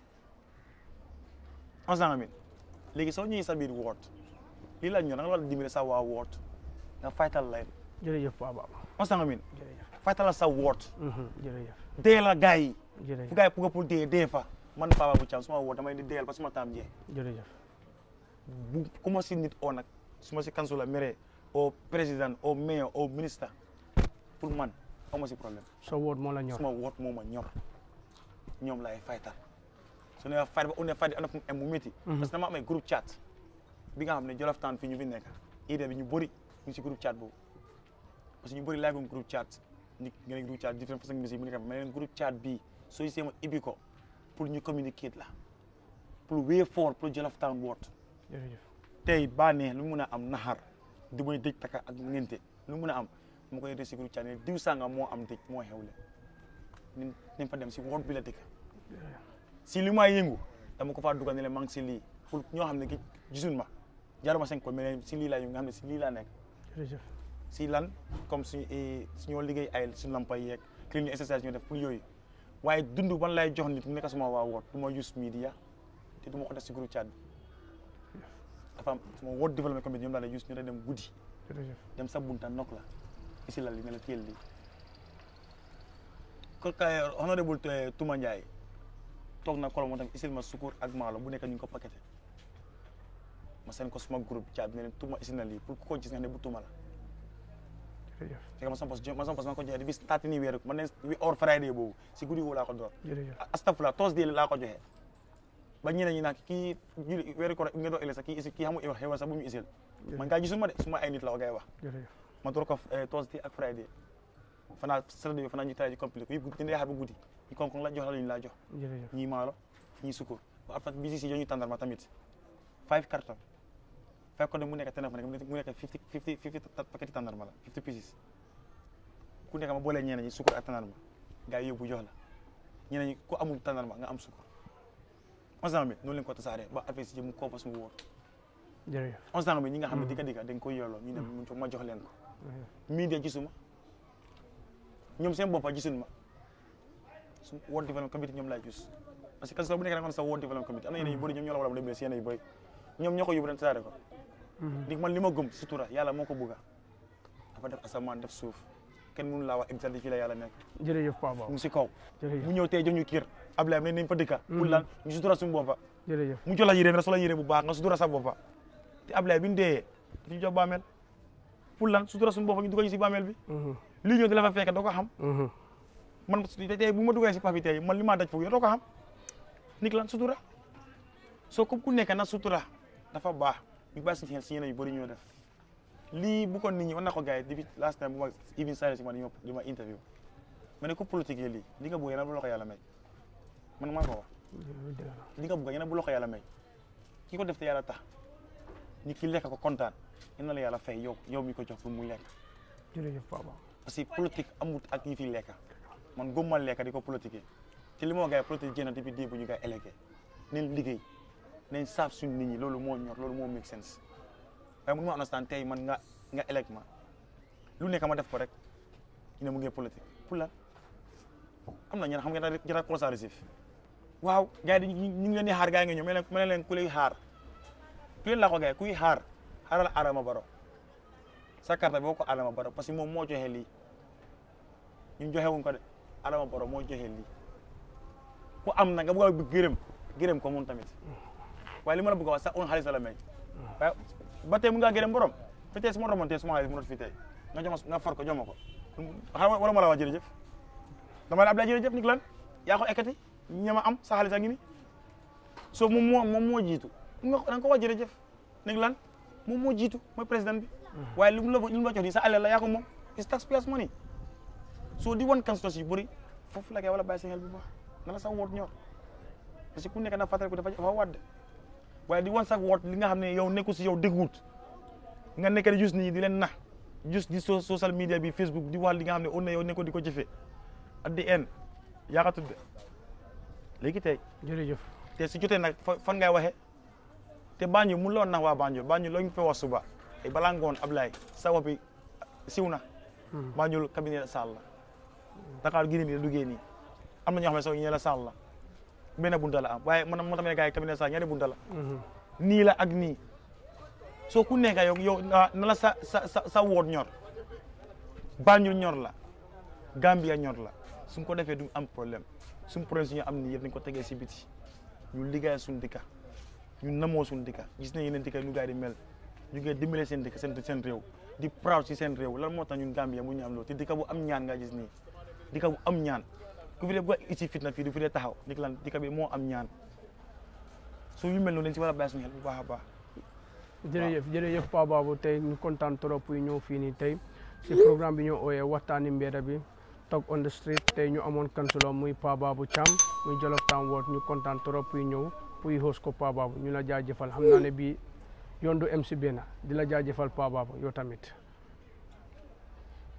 on min léegi soo ñëwee sa biir woot lii la ñu da nga war a sa waa woot nga faytal leen jërëjëf Papa on sanga min faytal sa woot mm-hmm, dee la gars yi fu gars yi pour dee dee fa man Papa bu Thiam su ma woo damay di dégal ma tam je jere jërëjëf. bu ku ma si nit o nak suma si kansu mere au président au maire au ministre pour man amo si problème. So wot mo la ñor suma wot moo ma ñor ñom lay faytal. su ne fay ba une fay di ana fu mu em mhm. mu parce que dama am groupe chat bi nga xam jollof tan fi ñu fi nek ide bi ñu bëri ñu si groupe chat bu. parce que ñu lay laaj groupe chat ñu ngi groupe chat différentes façons ci mu nekk mais groupe chat bi so yi ma ibiko pour ñu communiquer la pour way forward pour Jollof Town Ward. jërëjëf tey bànnee lu mun a am naxar du may dëj ak ngénte lu mun a am mu koy recycler ci channel diw sanga moo am dëj moo xewle ni fa dem si ward bi la dëkk si li may yëngu dama ko faa dugal ne la maa ngi si lii pour ñoo xam ne ki gisul ma jaaruma seen ko mais si lii laa si lii laa nekk. si lan comme suñu eh, suñoo liggéey ay suñu lampa yeeg clinique SSS ñu def pour yooyu. waaye dund wan laay jox nit mu nekk sama waa woot du ma use media te du ma ko def si groupe chat bi dafa am sama woot développement community ñoom laa lay use ñu ne dem guddi. dem sa bunta nokk la isi la li ne la téyel li kon kay honorable Touma njaay toog na kolo moo tamit isil ma sukur ak maalo bu nekk ñu ko paqueté ma seen ko suma groupe chat bi ne leen Touma isil na lii pour ku ko gis ne bu Touma la jërëjëf ci nga ma sama pos ma sama pos ma ko joxe bis taatini weer man ne or friday boobu si guddi woo laa ko door astafurlah Tuesday laa ko joxe ba ñeneen ñi naan kii julli weeru koor nga doon ëllëg sax kii isil bu ñu isil man ngaa gisuma de suma ay nit la ko gay wax ma door ko eh, Tuesday ak friday fanaa saturday bi fanaa ñu tara ji complet ko yëpp dañuy xaar ba guddi ñi konkon la jox la ñu laa jox ñii maalo ñii sukkur ba afat bi si si jox ñu tàndarma tamit five carton fekkoon ne mu nekk tenef mu nekk fifty fifty la fifty pieces ku nekk ma boolee ñeneen ñi sukur ak tàndarma gars yi yóbbu jox la ñeneen ñi ku amul tàndarma nga am sukur onze ans bi noonu lañ ko tasaaree ba koo fas mu wóor jërëjëf onze bi ñi nga xam ne dikka mm-hmm. dikka dañ koy yooloo ñu ne mm-hmm. mu ma jox leen ko mii mm-hmm. de gisuma ñoom seen boppa gisuñu ma su World Development Committee ñoom laay gis parce que kaso bu nekk da nga sa World Development Committee am na yeneen yu bëri ñoom ñoo la war a dem si yeneen yu bëri ñoom ñoo ko yóbbu dem tasaare ko Mhm. Kan ni mhm. gitu kan mhm. man li ma sutura yàlla moko buga bugga dafa def asamaan def suuf kenn mënu laa wax exactement fi la nek jere yef Papa mu si kaw mu ñew tey jox kir kër ne ñu fa dëkka pour lan ñu sutura bofa jere yef mu jola yire yére bi solo yére bu baax nga sutura sa bofa te ablay bi ñu ñu jox bamel pour lan sutura suñu bofa ñu dugal ci bamel bi li ñëw di la fa fekk da ko xam man tey bu ma dugalee ci papi tey man li ma daj fu yo doo ko xam nik lan sutura so ku ku nek na sutura dafa baax ñu bàyyi suñu xel si yeneen bëri ñoo def lii bu ko nit ñi war na ko gars yi depuis last time bu even sale si ma di ma interview ma ne ko politique lii li nga bëgg yéen bu man maa ko wax li nga bëgg yéen bu loxo yàlla may ki ko def te yàlla tax ni ki lekk ko kontaan yéen la yàlla fay yow yow mi ko jox fu mu lekk jërëjëf Papa parce que politique amut ak ñi fi lekk man góob ma lekk di ko politiquer te li moo gars yi politique jéem a depuis ñu koy élégué nañ liggéey nañ saaf suñ nit ñi loolu moo ñor loolu moo make sense waaye mun ma understand tey man nga nga elect ma lu nekk ma def ko rek ñu mu ngi politique pour lan am na ñenn xam nga jara constat récif waaw gars yi ñu ngi leen di xaar gars yi nga ñëw mel ne leen ku lay xaar ku leen laa kuy xaar xaaral Adama Barrow sa carte boo ko Adama Barrow parce que moom moo joxe lii ñu joxe wuñ ko de Adama Barrow moo joxe lii ku am na nga bëgg a gërëm gërëm ko moom tamit Wali mana buka wasa on xaalis la may waaye mun ngaa gërëm borom fitee su ma romoon tey su ma nga joma nga far ko joma ko wala mala la wax dama la Ablaye jërëjëf lan ko ekati, ñama am sa xaalis a so mumu mumu jitu, moo nga ko nga ko wax jërëjëf ni lan jitu? mo presiden? bi waaye lu mu lu jox sa alala la ya, ko moom is taxpayers money so di one constituence buri. bëri la kay wala bàyyi sa xel bu baax na sa wóor ñor parce que ku nekk na ko waaye di wan sax woot li nga xam ne yow nekku si yow dégguwut nga nekk juste just nii di leen nax just di social media bi facebook di wax li nga xam ne yow nekko di ko jëfee at the end ya ko tudde léegi tey jërëjëf te su jotee nag fan ngay waxee te Banjul mun loon nax waa Banjul Banjul loo ñu fi wax suba ay balaa ngoon Ablaye sa bi siw na hmm. Banjul cabinet Sall la Dakar gi nii la duggee nii am na ñoo xam ne sax ñu la Sall benn bunta la am waaye man moo tax ma ne gars yi cabinet sax ñaari bunta la. Mhm. nii la ak nii. soo ku nekk yow yow ah, na la sa sa sa sa woot ñor. Banjul ñor la. Gambia ñor la suñ ko defee du am problème suñ problème suñu am nii yëpp nañ ko tegee si biti ñu liggéey suñ dëkka ñu namoo suñ dëkka gis nañ yeneen dëkka ñu gars yi di mel ñu ngi dimbale seen dëkk seen seen réew di proud si seen réew lan moo tax ñun Gambia mu ñu am loolu te dëkka bu am ñaan nga gis nii dëkka bu am ñaan ku fi def bu ici fitna fi du fi dee taxaw ni lan dikka bi moo am ñaan su yu mel noonu len ci wala bass bàyyi suñu xel bu baax jere yef jere yef Pa babu tay ñu contane trop yu ñew fi ni tay si programme bi ñu oyé waxtani mbedda bi talk on the street tay ñu amone kansulo muy Pa babu Cham muy Jollof tam wot ñu contane trop yu ñew puy host ko Pa babu ñu la jaajeufal xam naa ne bi yondu MC Bena di la jaajeufal Pa babu yo tamit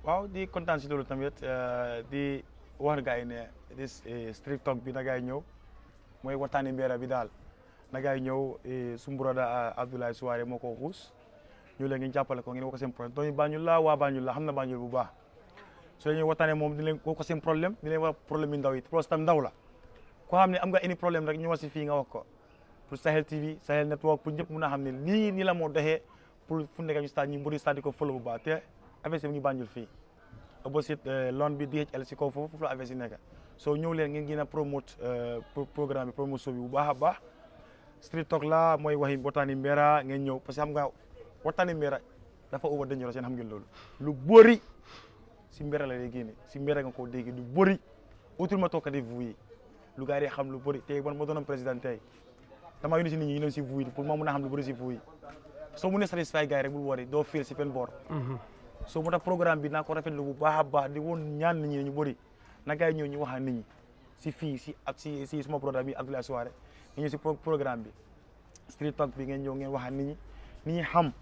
waaw di kontaan si loolu tamit eh, di war gaay ne this street talk bi na gaay ñew moy watani mbéra bi dal na gaay ñew sumburada abdoulaye souare moko xus ñu la ngeen jappale ko ngeen wax seen problème doy bañu la wa bañu la xamna bañu bu baax su ñu watane mom di leen ko seen problème di leen wax problème ndaw yi problème tam ndaw la ko xamni am nga any problème rek ñu wasi fi nga wax ko pour sahel tv sahel network pour ñepp mëna xamni li ni la mo doxé pour fu nekk ñu sta ñu mburi di ko follow bu baax té avec ñu bañul fi opposite euh, lone bi DHL ci kaw foofu foofu la nek so nekk leen ngeen gina promote euh, promote programme promotion bi bu baax baax street talk la moy wahim botani mera ngeen ñëw parce que xam nga botani mera dafa over ro seen xam ngeen loolu lu bori ci mera la lay génne ci mera nga ko dégg lu bori utul ma di vuy lu gars xam lu bori tey bon mo président tey dama yoni si nit ñi ñu doon si vuyi pour ma mëna xam lu bori si vuy So mu ne satisfy gars rek bu doo feel si fen bor mm-hmm so tax programme bi naa ko rafetlu bu baax baax di won ñaan nit ñi ñu bari na gars yi ñu waxaan nit ñi si fi si ak si si suma programme bi Abdoulaye Souare ñu ci si programme bi street talk bi ngeen ñëw ngeen waxaan nit ñi nit xam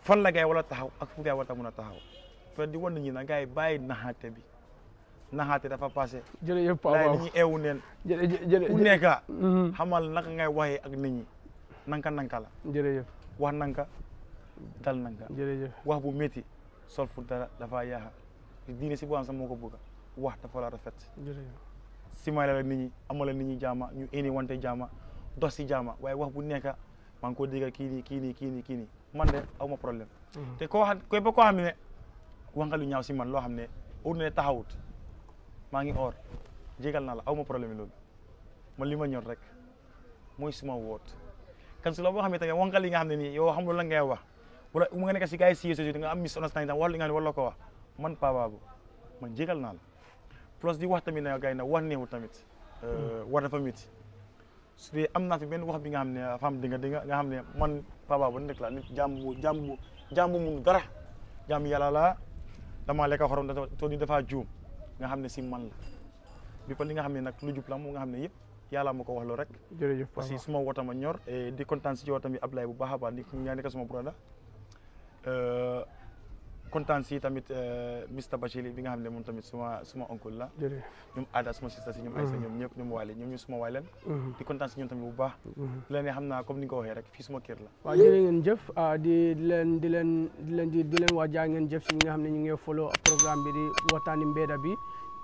fan la gars wala taxaw ak fu gars wala mëna taxaw fa di won nit ñi na gars yi bàyyi naxaate nah bi naxaate dafa passé. jërëjëf Paa Waaw ñi eewu neen. jërëjëf jërëjëf ku nekk xamal naka ngay waxee ak nit ñi nanka nanka la. Ya. wax nanka dal nañ la jërëjëf wax bu metti sol fu dara dafa yaaxa diine si bu am sa moko ko bëgg wax dafa la rafet jërëjëf simaale la nit ñi amala nit ñi jaama ñu indi wante jaama dossi jaama waaye wax bu nekka man ko kini kini ni ki ni ki ni ki ni man de aw problème mhm. te ko wax ko ba ko xam ne wax nga ñaaw si man lo xam ne taxawut ma ngi or jegal nala, la aw problème lool ma lima ñor rek moy suma wot kan su la bo xam ne tamit wax nga li ni yo la ngay wax wala mu nga nek si gay siyo ci nga am misunderstanding wala nga wala ko wax man Paa bu man jegal naa la plus di wax tamit na gay na wax neexul tamit eh, war fa mit su di am fi ben wax bi nga xam ne fam di nga di nga xam man Paa bu nek la nit jambu bu jambu bu bu dara jam yalla la dama lek xorom to di dafa juum nga xam ne si man la bi ko li nga xam ne nag lu jub la nga xam ne yëpp yàlla wax loo rek. jërëjëf parce que suma ñor. di kontaan ci wootam bi ablay bu baax a ni yaa suma brother Euh, kontaan si tamit euh, mista Bachili bi nga xam ne moom tamit suma suma la ñoom aada suma sista si ñoom Aysa mhm. ñoom ñëpp ñoom waale suma waay leen mhm. di kontaan si ñoom tamit bu baax mhm. di leen ne xam naa la waaw jërë ngeen jëf ah, di leen di leen di leen di leen waa jaa ngeen jëf si ñi nga xam ne ñu ngi follow programme bi di waxtaani mbeeda bi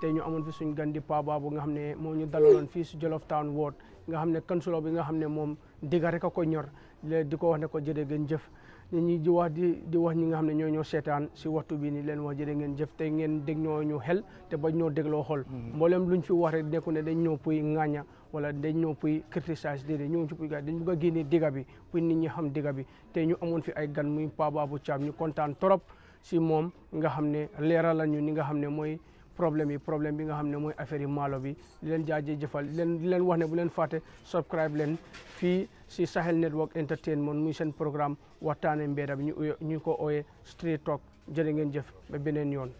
tey ñu amoon fi suñ gan di Pa nga xam ne moom ñu dalaloon fii si Jolof Town Ward nga xam ne kansulo bi nga xam ne moom digga rek a ko ñor di ko wax ne ko jërë ngeen jëf ñu ñi di di di wax ñi nga xam ne ñoo ñoo seetaan si waxtu bi ni leen wax jërë ngeen jëf te ngeen dégg ñoo ñu xel te bañ ñoo dégloo xol mm-hmm. lu luñ fi wax rek nekku ne dañ ñoo puy ŋaaña wala dañ ñoo puy criticiser déedéet ñoo ci puy gars dañ bëgg a génnee digga bi pour nit ñi xam digga bi te ñu amoon fi ay gan muy Paa Babou Thiam ñu kontaan trop si moom nga xam ne leeral lañu ni nga xam ne mooy problème yi problème bi nga xam ne mooy affaire yi maalo bi leen jaaje jëfal leen di leen wax ne bu leen fàtte subscribe leen fii si Sahel Network Entertainment muy seen programme waxtaane mbedd bi ñu ko ooyee street talk jërë ngeen jëf ba beneen yoon.